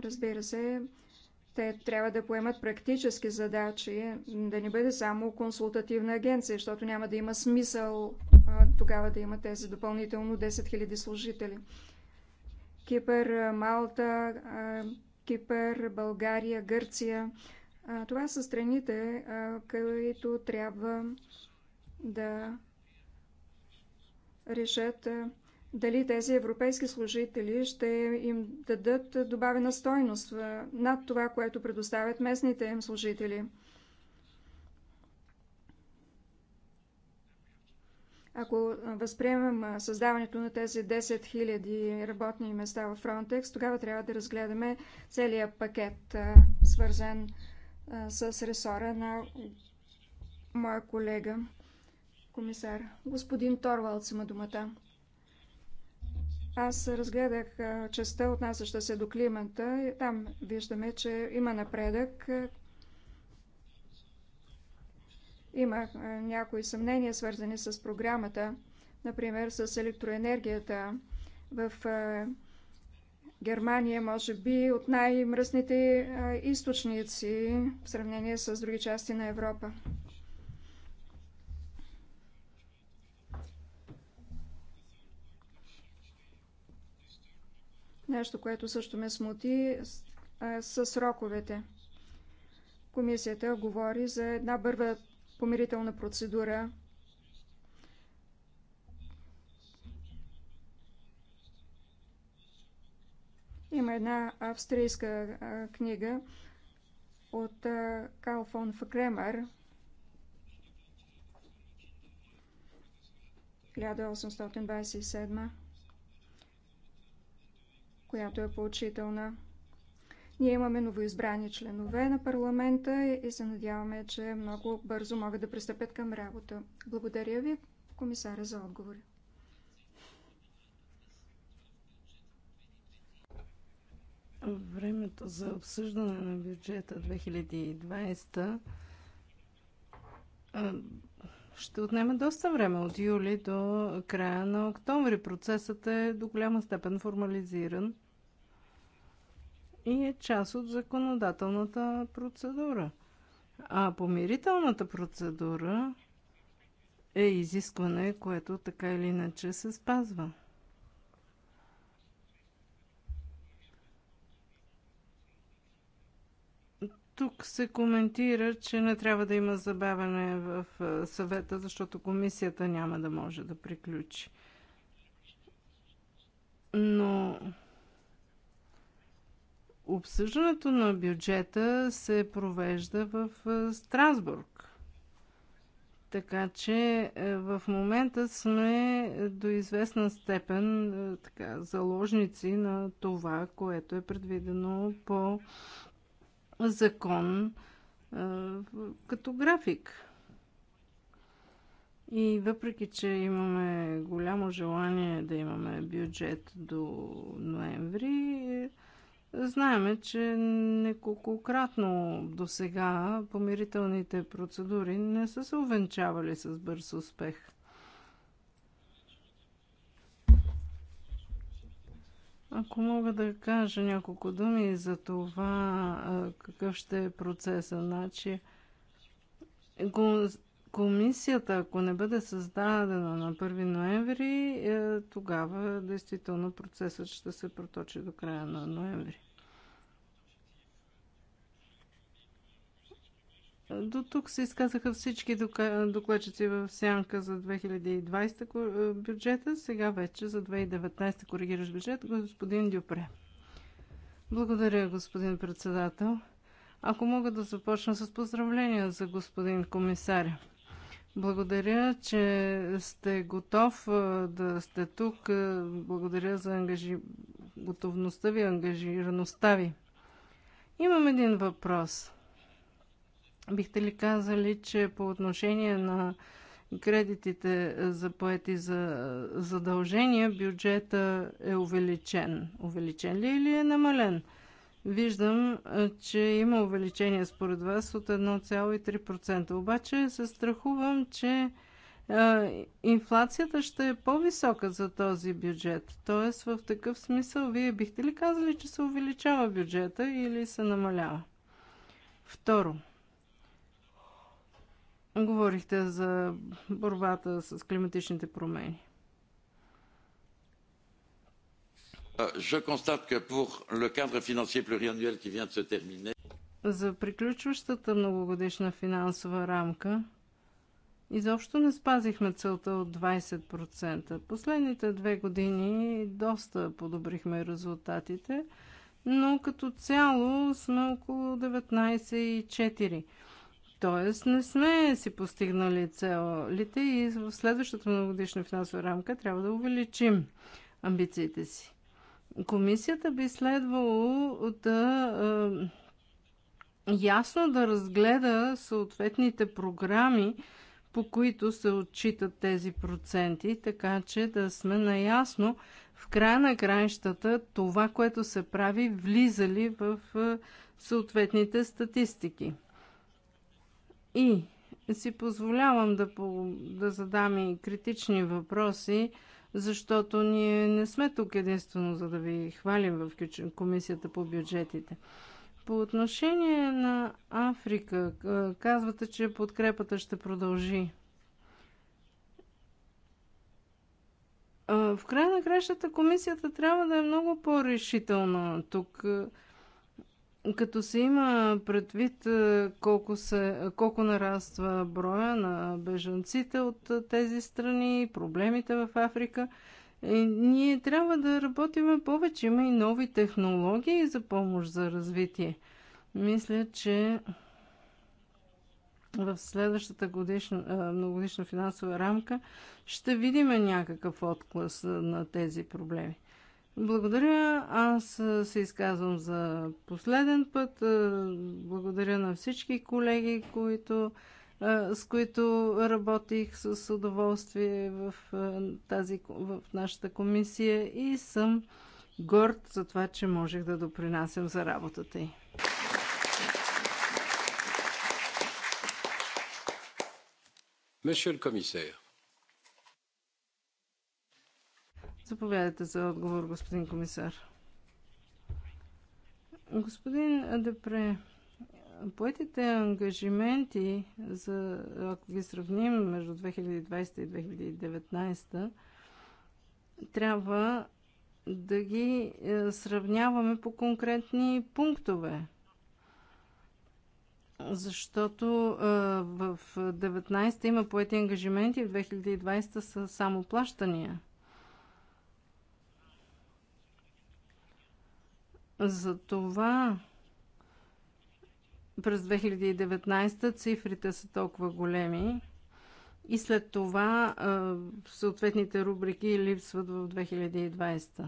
D: Разбира се, те трябва да поемат практически задачи, да не бъде само консултативна агенция, защото няма да има смисъл а, тогава да има тези допълнително 10 000 служители. Кипър, Малта, а, Кипър, България, Гърция. А, това са страните, а, които трябва да решат. А, дали тези европейски служители ще им дадат добавена стойност над това, което предоставят местните им служители. Ако възприемем създаването на тези 10 000 работни места в Frontex, тогава трябва да разгледаме целият пакет, свързан с ресора на моя колега комисар. Господин Торвалд има думата. Аз разгледах частта, отнасяща се до климата. И там виждаме, че има напредък. Има някои съмнения, свързани с програмата, например с електроенергията. В Германия, може би, от най-мръсните източници в сравнение с други части на Европа. Нещо, което също ме смути с сроковете. Комисията говори за една бърва помирителна процедура. Има една австрийска книга от Карл фон Факремер, 1827 която е поучителна. Ние имаме новоизбрани членове на парламента и се надяваме, че много бързо могат да пристъпят към работа. Благодаря ви, комисаря, за отговори. Времето за
B: обсъждане на бюджета 2020 ще отнема доста време от юли до края на октомври. Процесът е до голяма степен формализиран и е част от законодателната процедура. А помирителната процедура е изискване, което така или иначе се спазва. Тук се коментира, че не трябва да има забавяне в съвета, защото комисията няма да може да приключи. Но Обсъждането на бюджета се провежда в е, Страсбург. Така че е, в момента сме до известна степен е, така, заложници на това, което е предвидено по закон като график. И въпреки, че имаме голямо желание да имаме бюджет до ноември, Знаеме, че неколкократно до сега помирителните процедури не са се увенчавали с бърз успех. Ако мога да кажа няколко думи за това какъв ще е процеса, значи Комисията, ако не бъде създадена на 1 ноември, е, тогава действително процесът ще се проточи до края на ноември. До тук се изказаха всички докладчици в сянка за 2020 е, бюджета, сега вече за 2019 коригираш бюджет, господин Дюпре. Благодаря, господин председател. Ако мога да започна с поздравления за господин комисаря. Благодаря, че сте готов да сте тук. Благодаря за ангажи... готовността ви, ангажираността ви. Имам един въпрос. Бихте ли казали, че по отношение на кредитите за поети за задължения бюджета е увеличен? Увеличен ли е или е намален? Виждам, че има увеличение според вас от 1,3%. Обаче се страхувам, че инфлацията ще е по-висока за този бюджет. Тоест, в такъв смисъл, вие бихте ли казали, че се увеличава бюджета или се намалява? Второ, говорихте за борбата с климатичните промени.
A: Euh, je constate que pour le cadre financier pluriannuel qui vient de se terminer,
B: за приключващата многогодишна финансова рамка изобщо не спазихме целта от 20%. Последните две години доста подобрихме резултатите, но като цяло сме около 19,4%. Тоест не сме си постигнали целите и в следващата многогодишна финансова рамка трябва да увеличим амбициите си. Комисията би следвало да а, е, ясно да разгледа съответните програми, по които се отчитат тези проценти, така че да сме наясно в края на краищата това, което се прави, влиза ли в е, съответните статистики. И си позволявам да, да задам и критични въпроси защото ние не сме тук единствено за да ви хвалим в Комисията по бюджетите. По отношение на Африка, казвате, че подкрепата ще продължи. В края на кращата комисията трябва да е много по-решителна тук. Като се има предвид е, колко, се, колко нараства броя на бежанците от е, тези страни, проблемите в Африка, е, ние трябва да работим повече. Има и нови технологии за помощ за развитие. Мисля, че в следващата годишна, многогодишна финансова рамка ще видим някакъв отклас на тези проблеми. Благодаря. Аз се изказвам за последен път. Благодаря на всички колеги, които, с които работих с удоволствие в, тази, в нашата комисия и съм горд за това, че можех да допринасям за работата й.
A: Monsieur комисар,
B: Заповядайте за отговор, господин комисар. Господин Депре, поетите ангажименти, за, ако ги сравним между 2020 и 2019, трябва да ги е, сравняваме по конкретни пунктове. Защото е, в 2019 има поети ангажименти, в 2020 са само плащания – Затова през 2019 цифрите са толкова големи и след това съответните рубрики липсват в 2020.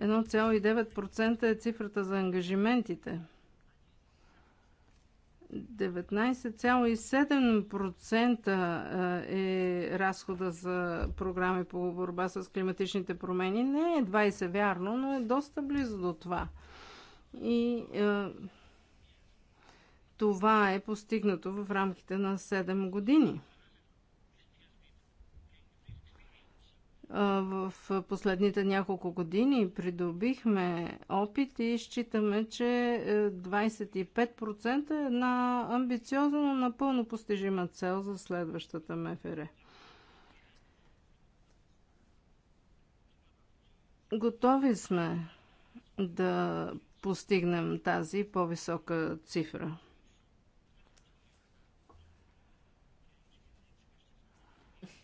B: 1,9% е цифрата за ангажиментите – 19,7% е разхода за програми по борба с климатичните промени. Не е 20 вярно, но е доста близо до това. И е, това е постигнато в рамките на 7 години. в последните няколко години придобихме опит и считаме, че 25% е, е една амбициозна, но напълно постижима цел за следващата МФР. Готови сме да постигнем тази по-висока цифра.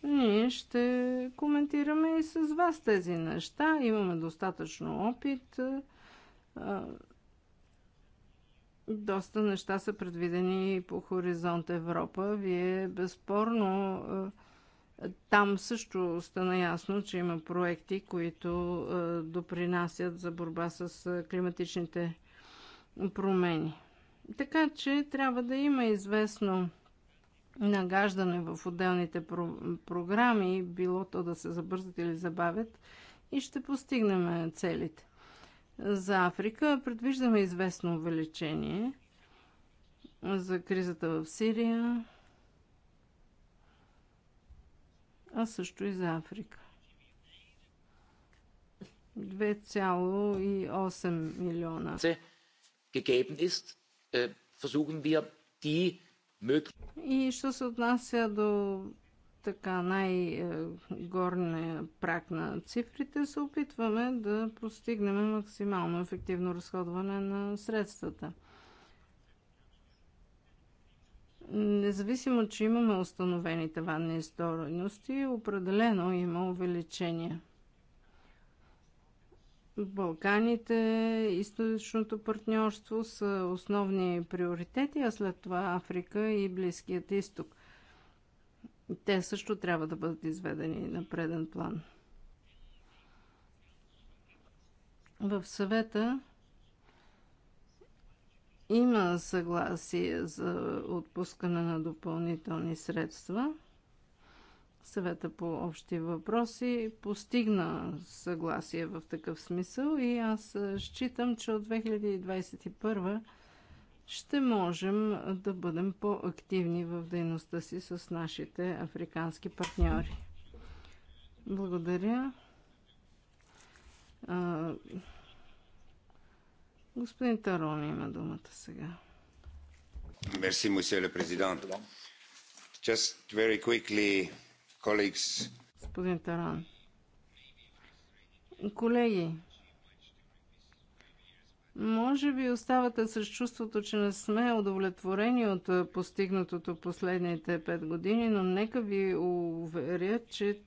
B: Ние ще коментираме и с вас тези неща. Имаме достатъчно опит. Доста неща са предвидени по Хоризонт Европа. Вие безспорно там също стана ясно, че има проекти, които допринасят за борба с климатичните промени. Така че трябва да има известно нагаждане в отделните про- програми, било то да се забързат или забавят, и ще постигнем целите. За Африка предвиждаме известно увеличение за кризата в Сирия, а също и за Африка. 2,8 милиона.
A: Gegeben ist, äh, versuchen wir die
B: и що се отнася до така най-горния прак на цифрите, се опитваме да постигнем максимално ефективно разходване на средствата. Независимо, че имаме установените ванни стойности, определено има увеличение – Балканите, източното партньорство са основни приоритети, а след това Африка и Близкият изток. Те също трябва да бъдат изведени на преден план. В съвета има съгласие за отпускане на допълнителни средства – съвета по общи въпроси постигна съгласие в такъв смисъл и аз считам, че от 2021 ще можем да бъдем по-активни в дейността си с нашите африкански партньори. Благодаря. господин Тарони има думата сега.
A: Мерси, муселе президент. Just very quickly, colleagues.
B: Господин Таран. Колеги, може би оставате с чувството, че не сме удовлетворени от постигнатото последните пет години, но нека ви уверя, че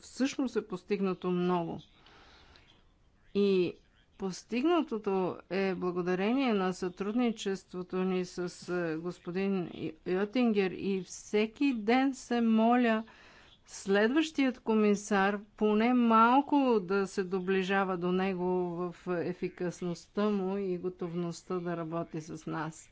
B: всъщност е постигнато много. И постигнатото е благодарение на сътрудничеството ни с господин Йотингер и всеки ден се моля – следващият комисар поне малко да се доближава до него в ефикасността му и готовността да работи с нас.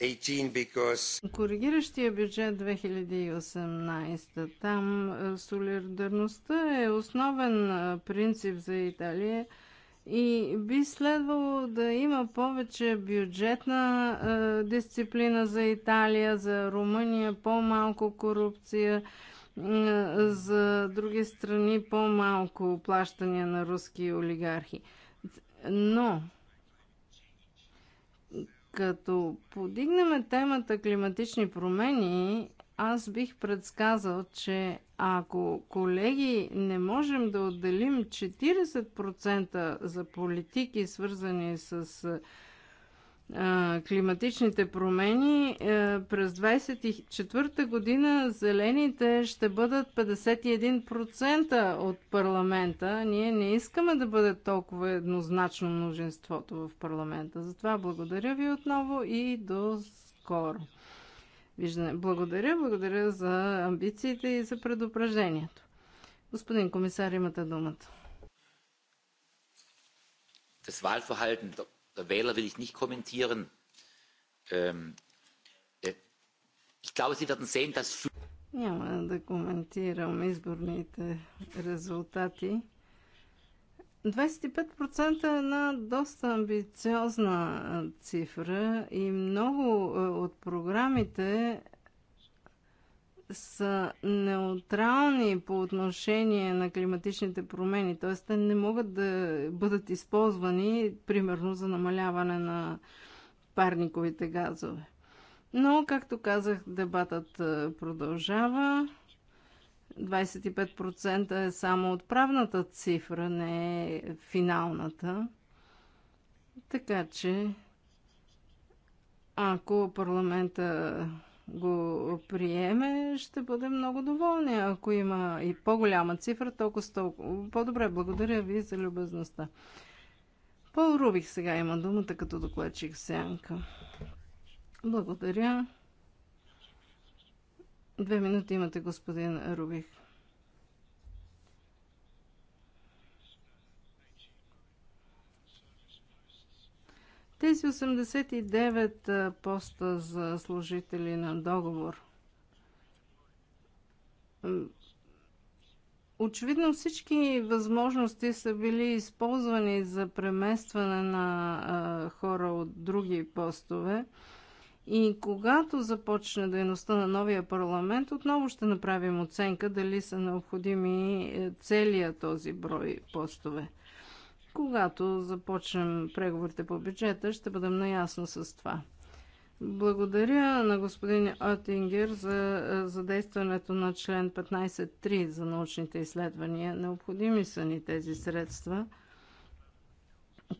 A: Because...
B: Коригиращия бюджет 2018. Там е, солидарността е основен е, принцип за Италия и би следвало да има повече бюджетна е, дисциплина за Италия, за Румъния, по-малко корупция, е, за други страни по-малко плащания на руски олигархи. Но, като подигнем темата климатични промени, аз бих предсказал, че ако, колеги, не можем да отделим 40% за политики, свързани с климатичните промени, е, през 24-та година зелените ще бъдат 51% от парламента. Ние не искаме да бъде толкова еднозначно множеството в парламента. Затова благодаря ви отново и до скоро виждане. Благодаря, благодаря за амбициите и за предупреждението. Господин комисар, имате думата.
A: Das Wahlverhalten der Wähler will ich nicht kommentieren. Ähm, äh, ich glaube, Sie werden sehen, dass...
B: Няма да коментирам изборните резултати. 25% е една доста амбициозна цифра и много от програмите са неутрални по отношение на климатичните промени, т.е. те не могат да бъдат използвани, примерно, за намаляване на парниковите газове. Но, както казах, дебатът продължава. 25% е само отправната цифра, не е финалната. Така че, ако парламента го приеме, ще бъде много доволни. Ако има и по-голяма цифра, толкова толкова. По-добре, благодаря ви за любезността. Пол Рубих сега има думата като докладчик сянка. Благодаря. Две минути имате, господин Рубих. Тези 89 поста за служители на договор. Очевидно всички възможности са били използвани за преместване на хора от други постове. И когато започне дейността на новия парламент, отново ще направим оценка дали са необходими е, целият този брой постове. Когато започнем преговорите по бюджета, ще бъдем наясно с това. Благодаря на господин Отингер за е, задействането на член 15.3 за научните изследвания. Необходими са ни тези средства –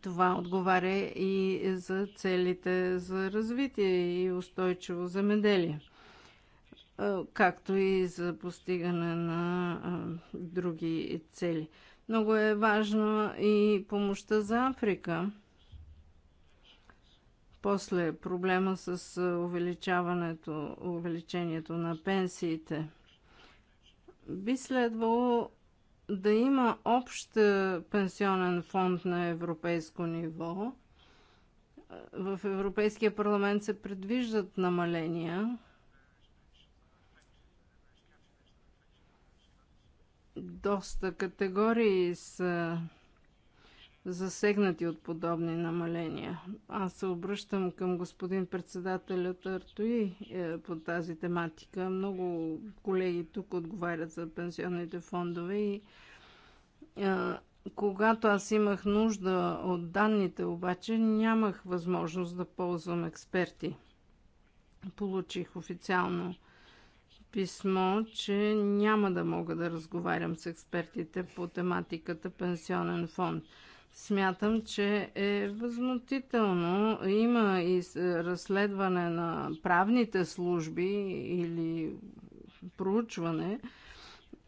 B: това отговаря и за целите за развитие и устойчиво земеделие, е, както и за постигане на е, други цели. Много е важно и помощта за Африка. После проблема с е, увеличаването, увеличението на пенсиите. Би следвало да има общ е, пенсионен фонд на европейско ниво. Е, в Европейския парламент се предвиждат намаления. Доста категории са засегнати от подобни намаления. Аз се обръщам към господин председателят Артуи е, по тази тематика. Много колеги тук отговарят за пенсионните фондове и е, когато аз имах нужда от данните, обаче нямах възможност да ползвам експерти. Получих официално писмо, че няма да мога да разговарям с експертите по тематиката пенсионен фонд смятам, че е възмутително. Има и е, разследване на правните служби или проучване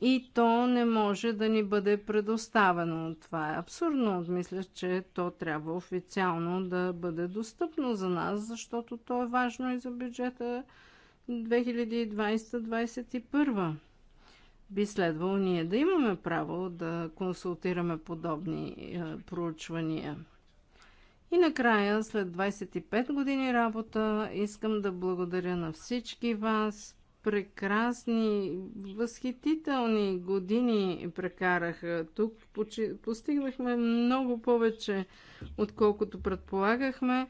B: и то не може да ни бъде предоставено. Това е абсурдно. Мисля, че то трябва официално да бъде достъпно за нас, защото то е важно и за бюджета 2020-2021 би следвало ние да имаме право да консултираме подобни е, проучвания. И накрая, след 25 години работа, искам да благодаря на всички вас. Прекрасни, възхитителни години прекараха тук. Постигнахме много повече, отколкото предполагахме.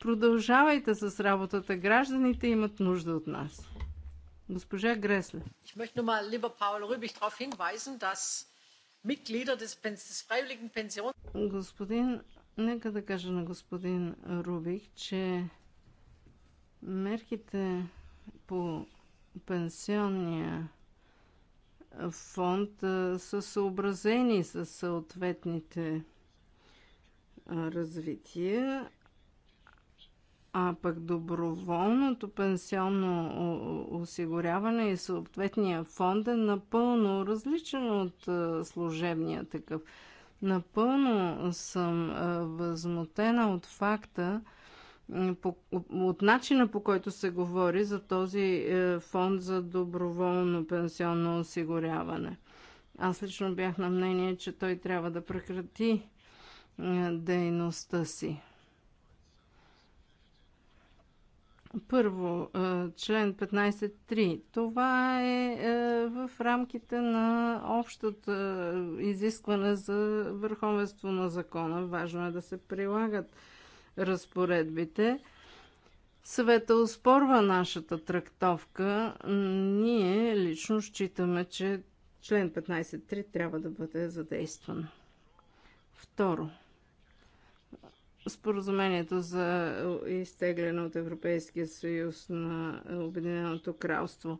B: Продължавайте с работата. Гражданите имат нужда от нас. Госпожа Гресле. Ich möchte noch mal, lieber Paul Rübig, darauf hinweisen, dass Mitglieder des, des freiwilligen Pensions... Господин, нека да кажа на господин Рубик, че мерките по пенсионния фонд са съобразени с съответните развития а пък доброволното пенсионно осигуряване и съответния фонд е напълно различен от служебния такъв. Напълно съм възмутена от факта, от начина по който се говори за този е, фонд за доброволно пенсионно осигуряване. Аз лично бях на мнение, че той трябва да прекрати е, дейността си. Първо, член 15.3. Това е в рамките на общата изискване за върховенство на закона. Важно е да се прилагат разпоредбите. Съвета успорва нашата трактовка. Ние лично считаме, че член 15.3 трябва да бъде задействан. Второ, споразумението за изтегляне от Европейския съюз на Обединеното кралство.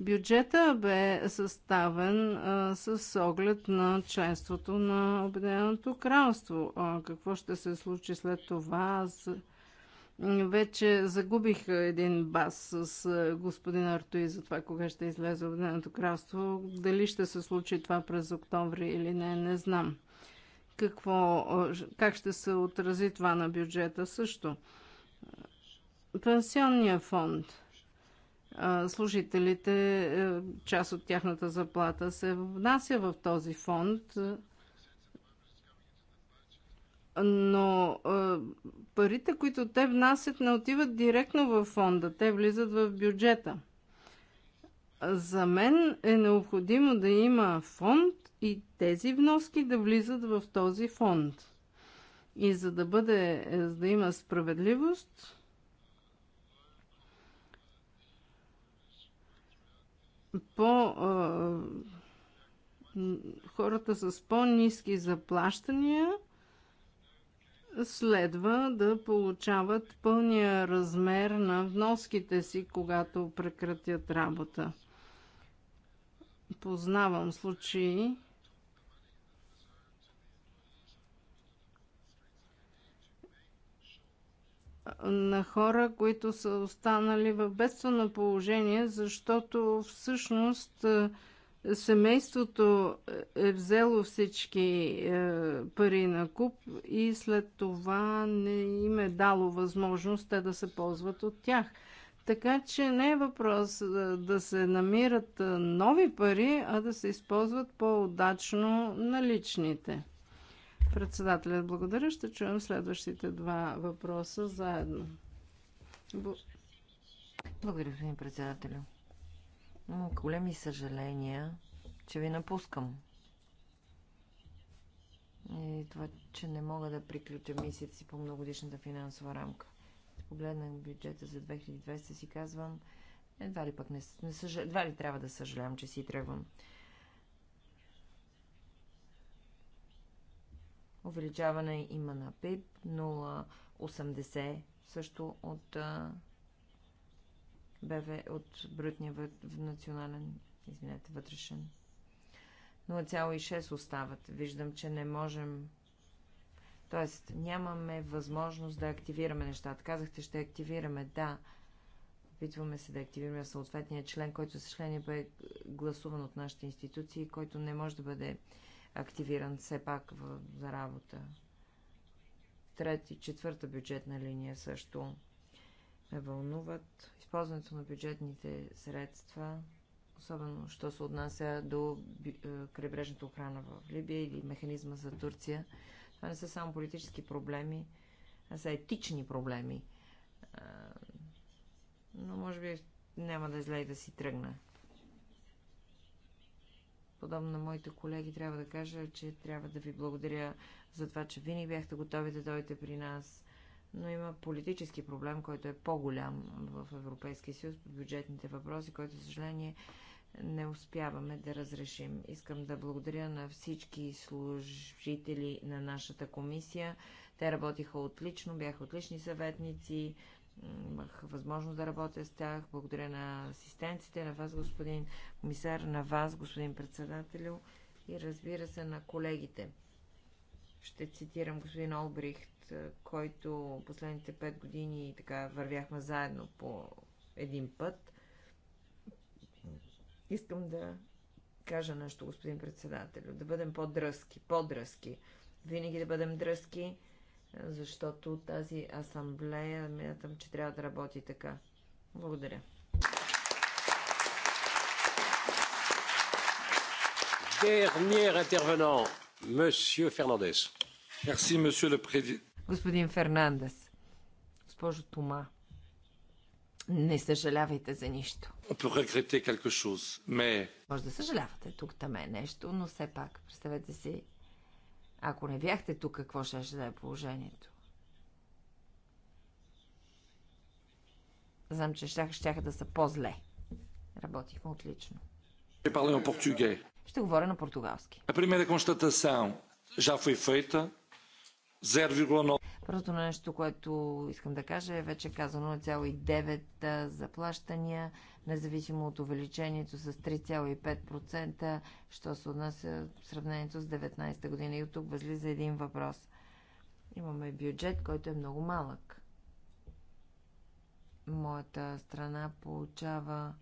B: Бюджета бе съставен а, с оглед на членството на Обединеното кралство. А, какво ще се случи след това? Аз вече загубих един бас с а, господин Артуи за това кога ще излезе Обединеното кралство. Дали ще се случи това през октомври или не, не знам какво, как ще се отрази това на бюджета също. Пенсионния фонд. Служителите, е, част от тяхната заплата се внася в този фонд, е, но е, парите, които те внасят, не отиват директно в фонда, те влизат в бюджета – за мен е необходимо да има фонд и тези вноски да влизат в този фонд. И за да бъде, е, за да има справедливост, по е, хората с по-низки заплащания следва да получават пълния размер на вноските си, когато прекратят работа познавам случаи, на хора, които са останали в бедствено положение, защото всъщност е, семейството е взело всички е, пари на куп и след това не им е дало възможност те да се ползват от тях. Така че не е въпрос е, да се намират е, нови пари, а да се използват по-удачно наличните. Председателят, благодаря. Ще чуем следващите два въпроса заедно. Благодаря, господин председателю. Много големи
C: съжаления, че ви напускам. И това, че не мога да приключа мисията си по многодишната финансова рамка. Погледнах бюджета за 2200, си казвам, едва ли пък не, не съж... едва ли трябва да съжалявам, че си тръгвам. Увеличаване има на ПИП 0,80 също от БВ от брутния в национален, извинете, вътрешен. 0,6 остават. Виждам, че не можем Тоест, нямаме възможност да активираме нещата. Казахте, ще активираме, да. Опитваме се да активираме съответния член, който, за съжаление, бе гласуван от нашите институции, който не може да бъде активиран все пак в, за работа. Трети, четвърта бюджетна линия също ме вълнуват. Използването на бюджетните средства, особено, що се отнася до е, крайбрежната охрана в Либия или механизма за Турция, това не са само политически проблеми, а са етични проблеми. Но може би няма да е зле и да си тръгна. Подобно на моите колеги, трябва да кажа, че трябва да ви благодаря за това, че винаги бяхте готови да дойдете при нас. Но има политически проблем, който е по-голям в Европейския съюз, по бюджетните въпроси, който, за съжаление, не успяваме да разрешим. Искам да благодаря на всички служители на нашата комисия. Те работиха отлично, бяха отлични съветници, имах възможност да работя с тях. Благодаря на асистенците, на вас, господин комисар, на вас, господин председателю и разбира се на колегите. Ще цитирам господин Олбрихт, който последните пет години така вървяхме заедно по един път. Искам да кажа нещо, господин председателю, да бъдем по-дръзки, по-дръзки. Винаги да бъдем дръзки, защото тази асамблея, мятам, че трябва да работи така. Благодаря.
A: Dernier intervenant, Monsieur Fernandez. Merci, Monsieur le Président.
C: Господин Фернандес, госпожо Тома. Не съжалявайте за нищо. Може да съжалявате тук там е нещо, но все пак, представете си, ако не бяхте тук, какво ще, да е положението? Знам, че щяха, щяха да са по-зле. Работихме отлично. Ще говоря на португалски.
A: Например, констатация constatação já foi feita 0,9.
C: Първото нещо, което искам да кажа е вече казано 0,9 заплащания, независимо от увеличението с 3,5%, що се отнася в сравнението с 19 та година. И от тук възлиза един въпрос. Имаме бюджет, който е много малък. Моята страна получава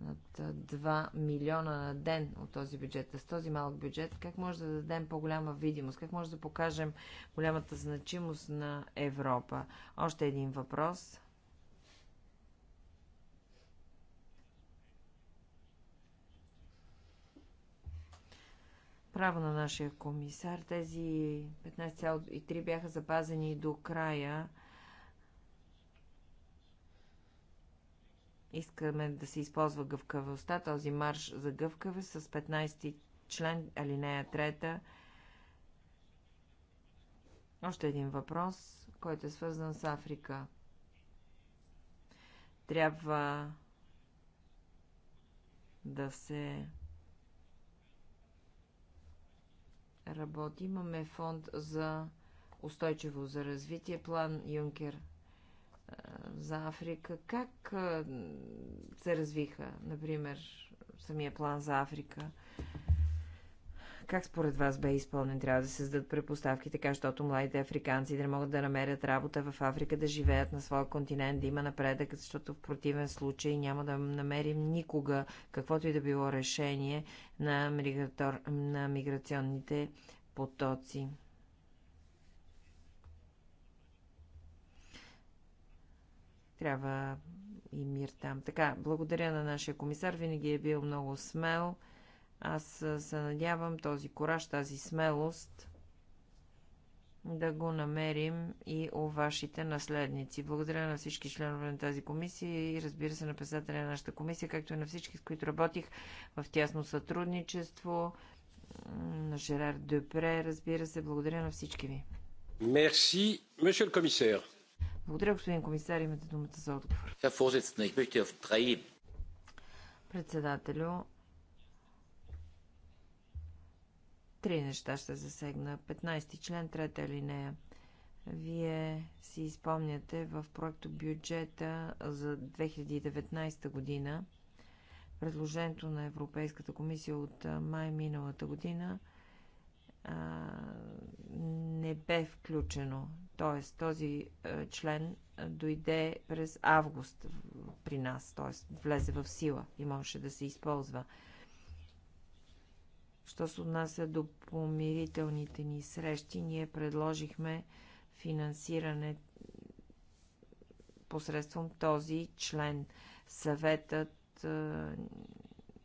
C: над 2 милиона на ден от този бюджет. с този малък бюджет как може да дадем по-голяма видимост? Как може да покажем голямата значимост на Европа? Още един въпрос. Право на нашия комисар. Тези 15,3 бяха запазени до края Искаме да се използва гъвкавостта, този марш за гъвкаве с 15 член, алинея 3. Още един въпрос, който е свързан с Африка. Трябва да се работи. Имаме фонд за устойчиво за развитие, план Юнкер за Африка. Как се развиха, например, самия план за Африка? Как според вас бе изпълнен? Трябва да се създадат препоставки, така защото младите африканци да могат да намерят работа в Африка, да живеят на своя континент, да има напредък, защото в противен случай няма да намерим никога каквото и да било решение на, мигратор... на миграционните потоци. Трябва и мир там. Така, благодаря на нашия комисар. Винаги е бил много смел. Аз се надявам този кораж, тази смелост да го намерим и у вашите наследници. Благодаря на всички членове на тази комисия и разбира се на председателя на нашата комисия, както и на всички, с които работих в тясно сътрудничество, на Жерар Депре, разбира се. Благодаря на всички ви.
A: Мерси, месье комисар.
C: Благодаря, господин комисар. Имате думата за отговор. Председателю, три неща ще засегна. 15 член, трета алинея. Вие си изпомняте в проекто бюджета за 2019 година предложението на Европейската комисия от май миналата година а, не бе включено т.е. този е, член е, дойде през август при нас, т.е. влезе в сила и можеше да се използва. Що се отнася до помирителните ни срещи, ние предложихме финансиране посредством този член. Съветът е,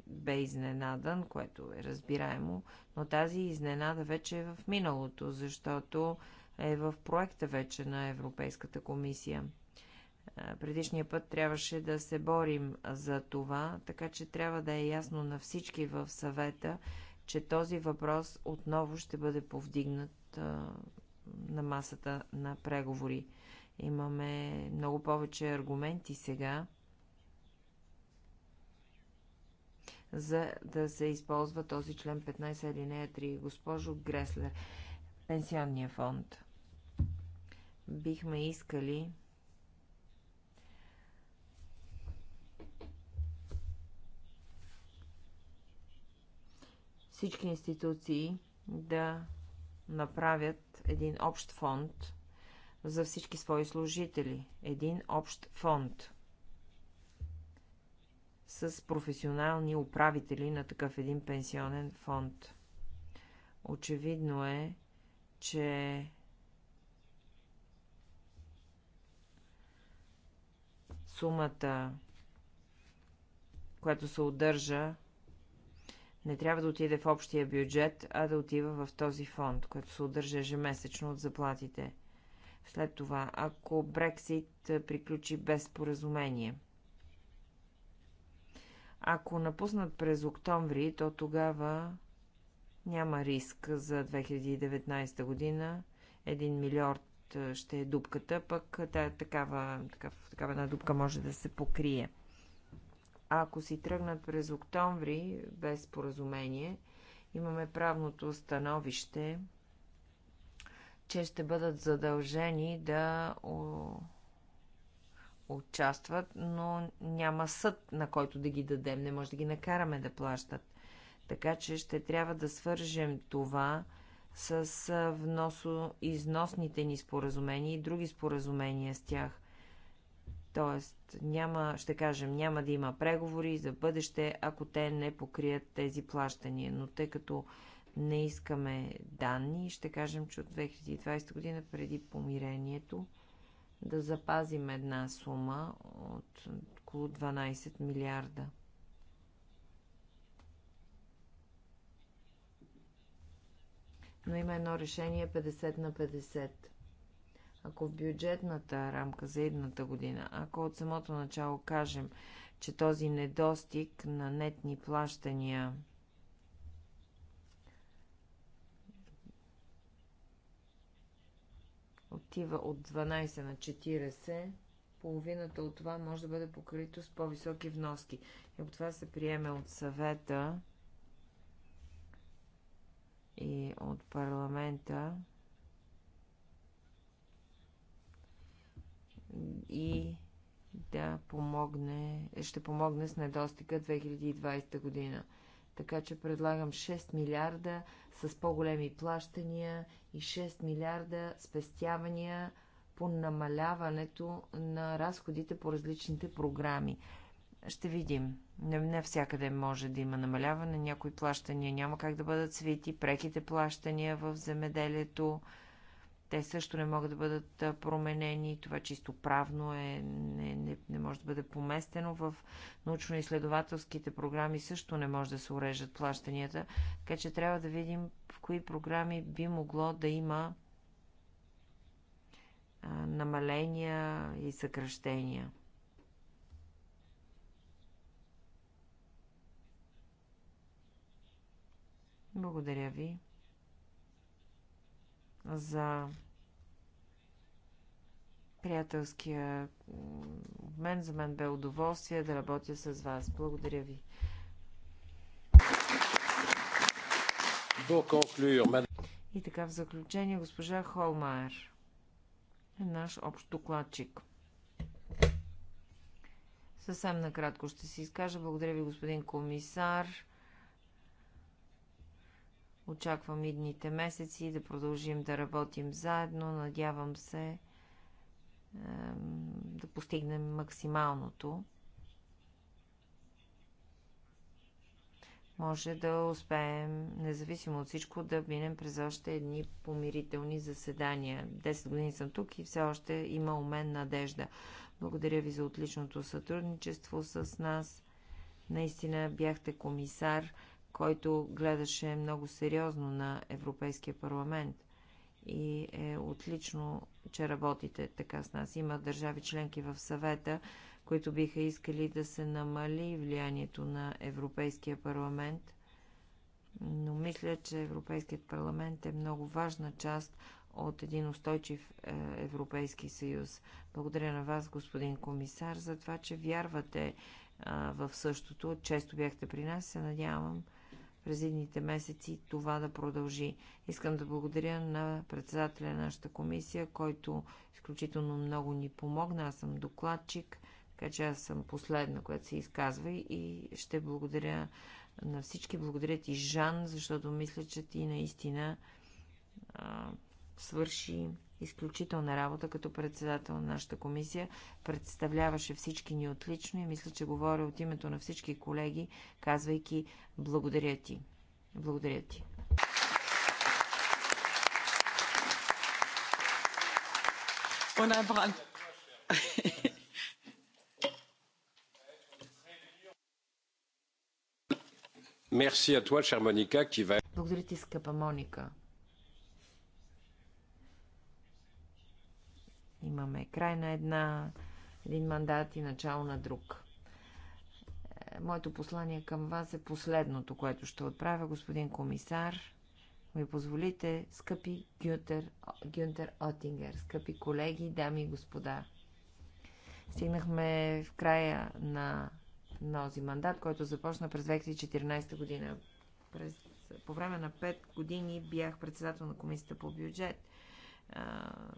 C: бе изненадан, което е разбираемо, но тази изненада вече е в миналото, защото е в проекта вече на Европейската комисия. Е, предишния път трябваше да се борим за това, така че трябва да е ясно на всички в съвета, че този въпрос отново ще бъде повдигнат е, на масата на преговори. Имаме много повече аргументи сега, за да се използва този член 15 алинея 3. Госпожо Греслер, пенсионния фонд бихме искали всички институции да направят един общ фонд за всички свои служители. Един общ фонд с професионални управители на такъв един пенсионен фонд. Очевидно е, че сумата, която се удържа, не трябва да отиде в общия бюджет, а да отива в този фонд, който се удържа ежемесечно от заплатите. След това, ако Брексит приключи без споразумение. Ако напуснат през октомври, то тогава няма риск за 2019 година 1 милиард ще е дупката, пък та, такава, такав, такава една дупка може да се покрие. А ако си тръгнат през октомври без споразумение, имаме правното становище, че ще бъдат задължени да участват, но няма съд, на който да ги дадем. Не може да ги накараме да плащат. Така че ще трябва да свържем това с вносо-износните ни споразумения и други споразумения с тях. Тоест, няма, ще кажем, няма да има преговори за бъдеще, ако те не покрият тези плащания. Но тъй като не искаме данни, ще кажем, че от 2020 година преди помирението да запазим една сума от около 12 милиарда – но има едно решение 50 на 50. Ако в бюджетната рамка за едната година, ако от самото начало кажем, че този недостиг на нетни плащания отива от 12 на 40, половината от това може да бъде покрито с по-високи вноски. И ако това се приеме от съвета, и от парламента и да помогне, ще помогне с недостига 2020 година. Така че предлагам 6 милиарда с по-големи плащания и 6 милиарда спестявания по намаляването на разходите по различните програми. Ще видим. Не, не всякъде може да има намаляване. Някои плащания няма как да бъдат свити. Преките плащания в земеделието, те също не могат да бъдат променени. Това чисто правно е, не, не, не може да бъде поместено в научно-изследователските програми. Също не може да се урежат плащанията. Така че трябва да видим в кои програми би могло да има намаления и съкръщения. Благодаря ви за приятелския обмен. За мен бе удоволствие да работя с вас. Благодаря ви. И така в заключение госпожа Холмайер е наш общ докладчик. Съвсем накратко ще си изкажа. Благодаря ви, господин комисар. Очаквам идните месеци да продължим да работим заедно. Надявам се да постигнем максималното. Може да успеем, независимо от всичко, да минем през още едни помирителни заседания. Десет години съм тук и все още има у мен надежда. Благодаря ви за отличното сътрудничество с нас. Наистина бяхте комисар който гледаше много сериозно на Европейския парламент. И е отлично, че работите така с нас. Има държави членки в съвета, които биха искали да се намали влиянието на Европейския парламент. Но мисля, че Европейският парламент е много важна част от един устойчив е, Европейски съюз. Благодаря на вас, господин комисар, за това, че вярвате в същото. Често бяхте при нас. Се надявам през едните месеци това да продължи. Искам да благодаря на председателя на нашата комисия, който изключително много ни помогна. Аз съм докладчик, така че аз съм последна, която се изказва и ще благодаря на всички. Благодаря ти, Жан, защото мисля, че ти наистина а, свърши изключителна работа като председател на нашата комисия. Представляваше всички ни отлично и мисля, че говоря от името на всички колеги, казвайки благодаря ти. Благодаря ти. Благодаря ти, скъпа Моника. Имаме край на една, един мандат и начало на друг. Е, моето послание към вас е последното, което ще отправя, господин комисар. Ми позволите, скъпи Гюнтер, Гюнтер Отингер, скъпи колеги, дами и господа. Стигнахме в края на този мандат, който започна през 2014 година. През, по време на 5 години бях председател на комисията по бюджет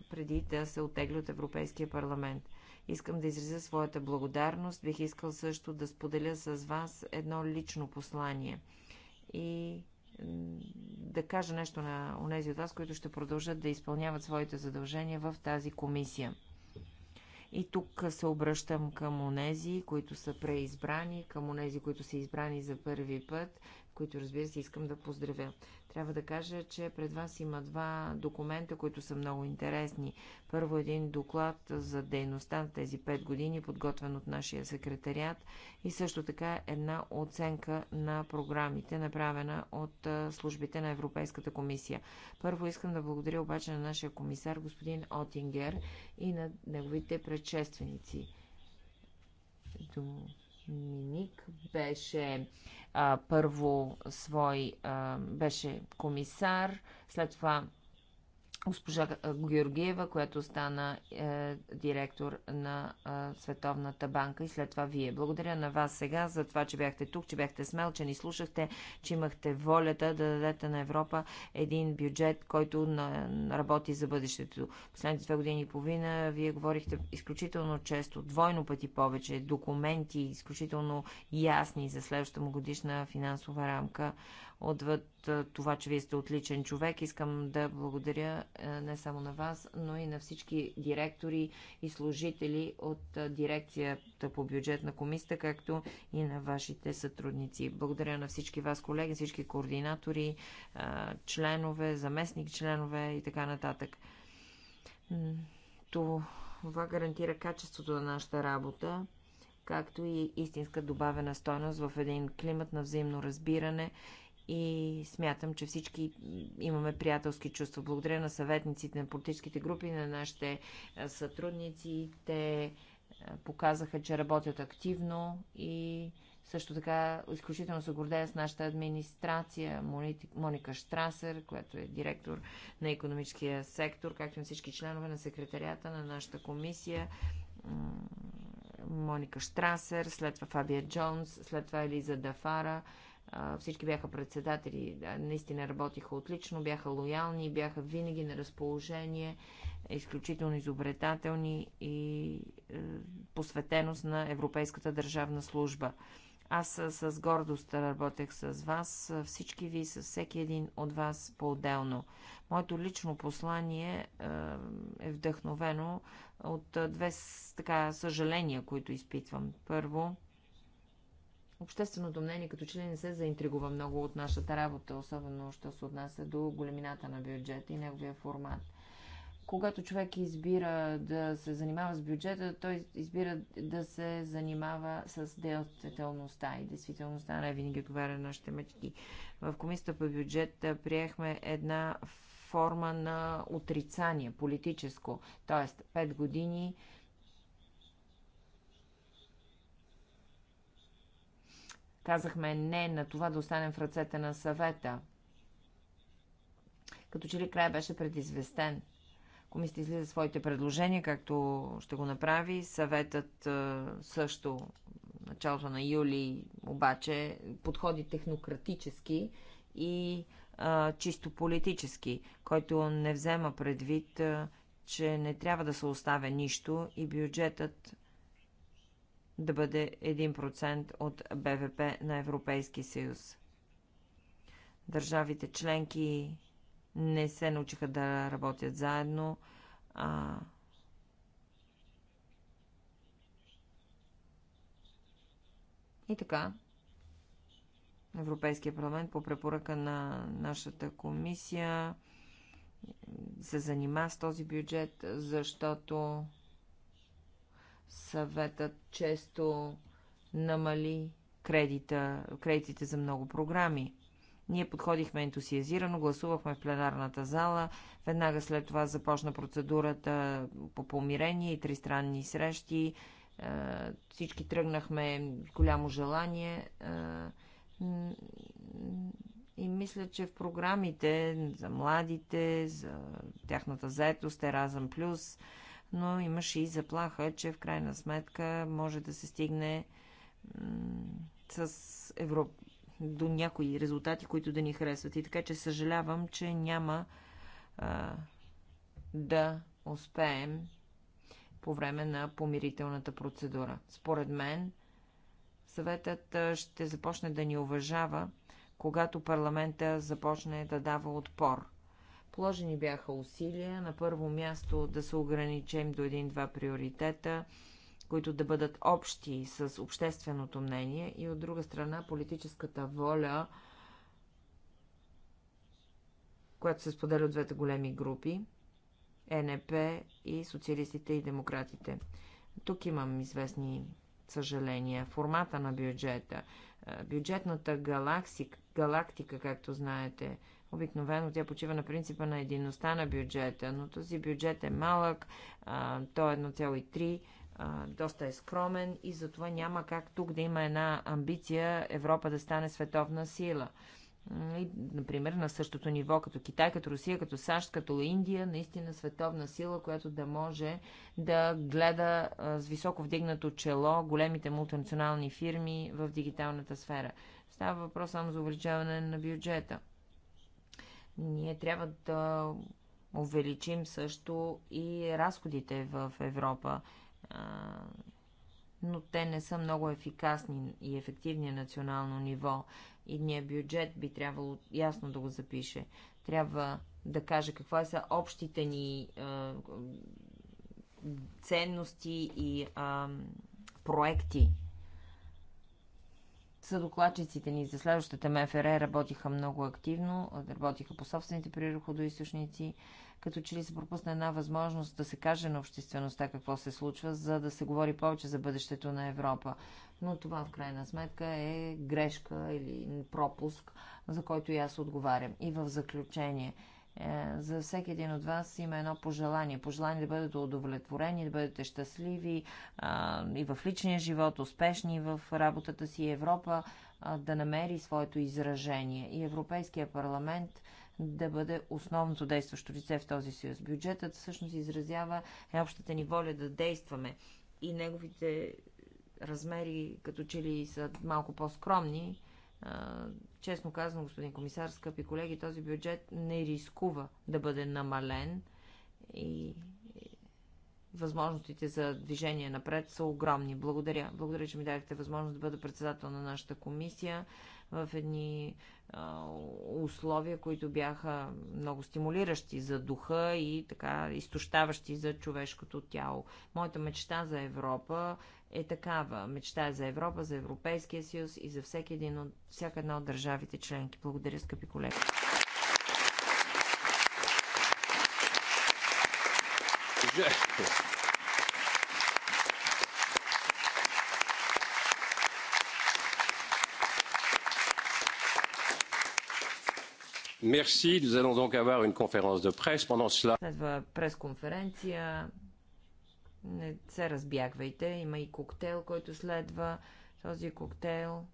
C: преди да се отегли от Европейския парламент. Искам да изразя своята благодарност. Бих искал също да споделя с вас едно лично послание и да кажа нещо на онези от вас, които ще продължат да изпълняват своите задължения в тази комисия. И тук се обръщам към онези, които са преизбрани, към онези, които са избрани за първи път които разбира се искам да поздравя. Трябва да кажа, че пред вас има два документа, които са много интересни. Първо един доклад за дейността на тези пет години, подготвен от нашия секретариат и също така една оценка на програмите, направена от службите на Европейската комисия. Първо искам да благодаря обаче на нашия комисар господин Отингер и на неговите предшественици. До Миник беше а, първо свой, а, беше комисар, след това госпожа Георгиева, която стана е, директор на е, Световната банка и след това вие. Благодаря на вас сега за това, че бяхте тук, че бяхте смел, че ни слушахте, че имахте волята да дадете на Европа един бюджет, който на, работи за бъдещето. Последните две години и половина вие говорихте изключително често, двойно пъти повече, документи изключително ясни за следващата му годишна финансова рамка отвъд това, че вие сте отличен човек. Искам да благодаря не само на вас, но и на всички директори и служители от дирекцията по бюджет на комисията, както и на вашите сътрудници. Благодаря на всички вас, колеги, всички координатори, членове, заместник членове и така нататък. Това гарантира качеството на нашата работа както и истинска добавена стойност в един климат на взаимно разбиране и смятам, че всички имаме приятелски чувства. Благодаря на съветниците на политическите групи, на нашите е, сътрудници. Те е, показаха, че работят активно и също така изключително се гордея с нашата администрация, Моника Штрасер, която е директор на економическия сектор, както и всички членове на секретарията на нашата комисия. Моника Штрасер, след това Фабия Джонс, след това Елиза Дафара всички бяха председатели, наистина работиха отлично, бяха лоялни, бяха винаги на разположение, изключително изобретателни и е, посветеност на Европейската държавна служба. Аз с гордост работех с вас, всички ви, с всеки един от вас по-отделно. Моето лично послание е, е вдъхновено от две така, съжаления, които изпитвам. Първо, общественото мнение като че ли не се заинтригува много от нашата работа, особено що се отнася до големината на бюджета и неговия формат. Когато човек избира да се занимава с бюджета, той избира да се занимава с действителността и действителността не е винаги отговаря на нашите мечти. В комисията по бюджет приехме една форма на отрицание политическо, т.е. 5 години Казахме не на това да останем в ръцете на съвета. Като че ли край беше предизвестен. Комисията излиза своите предложения, както ще го направи. Съветът е, също началото на юли обаче подходи технократически и а, е, чисто политически, който не взема предвид, а, е, че не трябва да се оставя нищо и бюджетът да бъде 1% от БВП на Европейски съюз. Държавите членки не се научиха да работят заедно, а И така, Европейския парламент по препоръка на нашата комисия се занима с този бюджет, защото Съветът често намали кредита, кредитите за много програми. Ние подходихме ентусиазирано, гласувахме в пленарната зала. Веднага след това започна процедурата по помирение и тристранни срещи. Е, всички тръгнахме голямо желание. Е, и мисля, че в програмите за младите, за тяхната заетост, Еразъм Плюс, но имаше и заплаха, че в крайна сметка може да се стигне с Европа до някои резултати, които да ни харесват. И така, че съжалявам, че няма а, да успеем по време на помирителната процедура. Според мен, съветът ще започне да ни уважава, когато парламента започне да дава отпор. Положени бяха усилия, на първо място да се ограничим до един-два приоритета, които да бъдат общи с общественото мнение и от друга страна политическата воля, която се споделя от двете големи групи, е НП и социалистите и демократите. Тук имам известни съжаления. Формата на бюджета, бюджетната галактика, както знаете, Обикновено тя почива на принципа на единността на бюджета, но този бюджет е малък, а, то е 1,3 доста е скромен и затова няма как тук да има една амбиция Европа да стане световна сила. И, например, на същото ниво като Китай, като Русия, като САЩ, като Индия, наистина световна сила, която да може да гледа с високо вдигнато чело големите мултинационални фирми в дигиталната сфера. Става въпрос само за увеличаване на бюджета. Ние трябва да увеличим също и разходите в Европа, но те не са много ефикасни и ефективни на национално ниво. И ние бюджет би трябвало ясно да го запише. Трябва да каже какво са общите ни ценности и проекти Съдокладчиците ни за следващата МФР работиха много активно, работиха по собствените природоисточници, като че ли се пропусна една възможност да се каже на обществеността какво се случва, за да се говори повече за бъдещето на Европа. Но това в крайна сметка е грешка или пропуск, за който и аз отговарям. И в заключение – е, за всеки един от вас има едно пожелание. Пожелание да бъдете удовлетворени, да бъдете щастливи а, и в личния живот, успешни в работата си. Европа а, да намери своето изражение и Европейския парламент да бъде основното действащо лице в този съюз. Бюджетът всъщност изразява общата ни воля да действаме и неговите размери като че ли са малко по-скромни, Честно казвам, господин комисар, скъпи колеги, този бюджет не рискува да бъде намален и възможностите за движение напред са огромни. Благодаря. Благодаря, че ми дадете възможност да бъда председател на нашата комисия в едни а, условия, които бяха много стимулиращи за духа и така изтощаващи за човешкото тяло. Моята мечта за Европа е такава. Мечта е за Европа, за Европейския съюз и за всеки един от, всяка една от държавите членки. Благодаря, скъпи колеги.
A: Yeah. Merci. Nous allons donc avoir une conférence de presse pendant cela.
C: Следва пресконференция. Не се разбягвайте. Има и коктейл, който следва. Този коктейл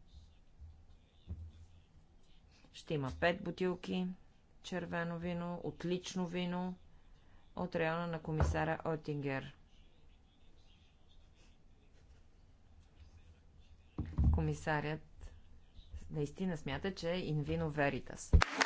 C: ще има пет бутилки червено вино, отлично вино от района на комисара Отингер. Комисарят наистина смята, че е in
D: vino veritas.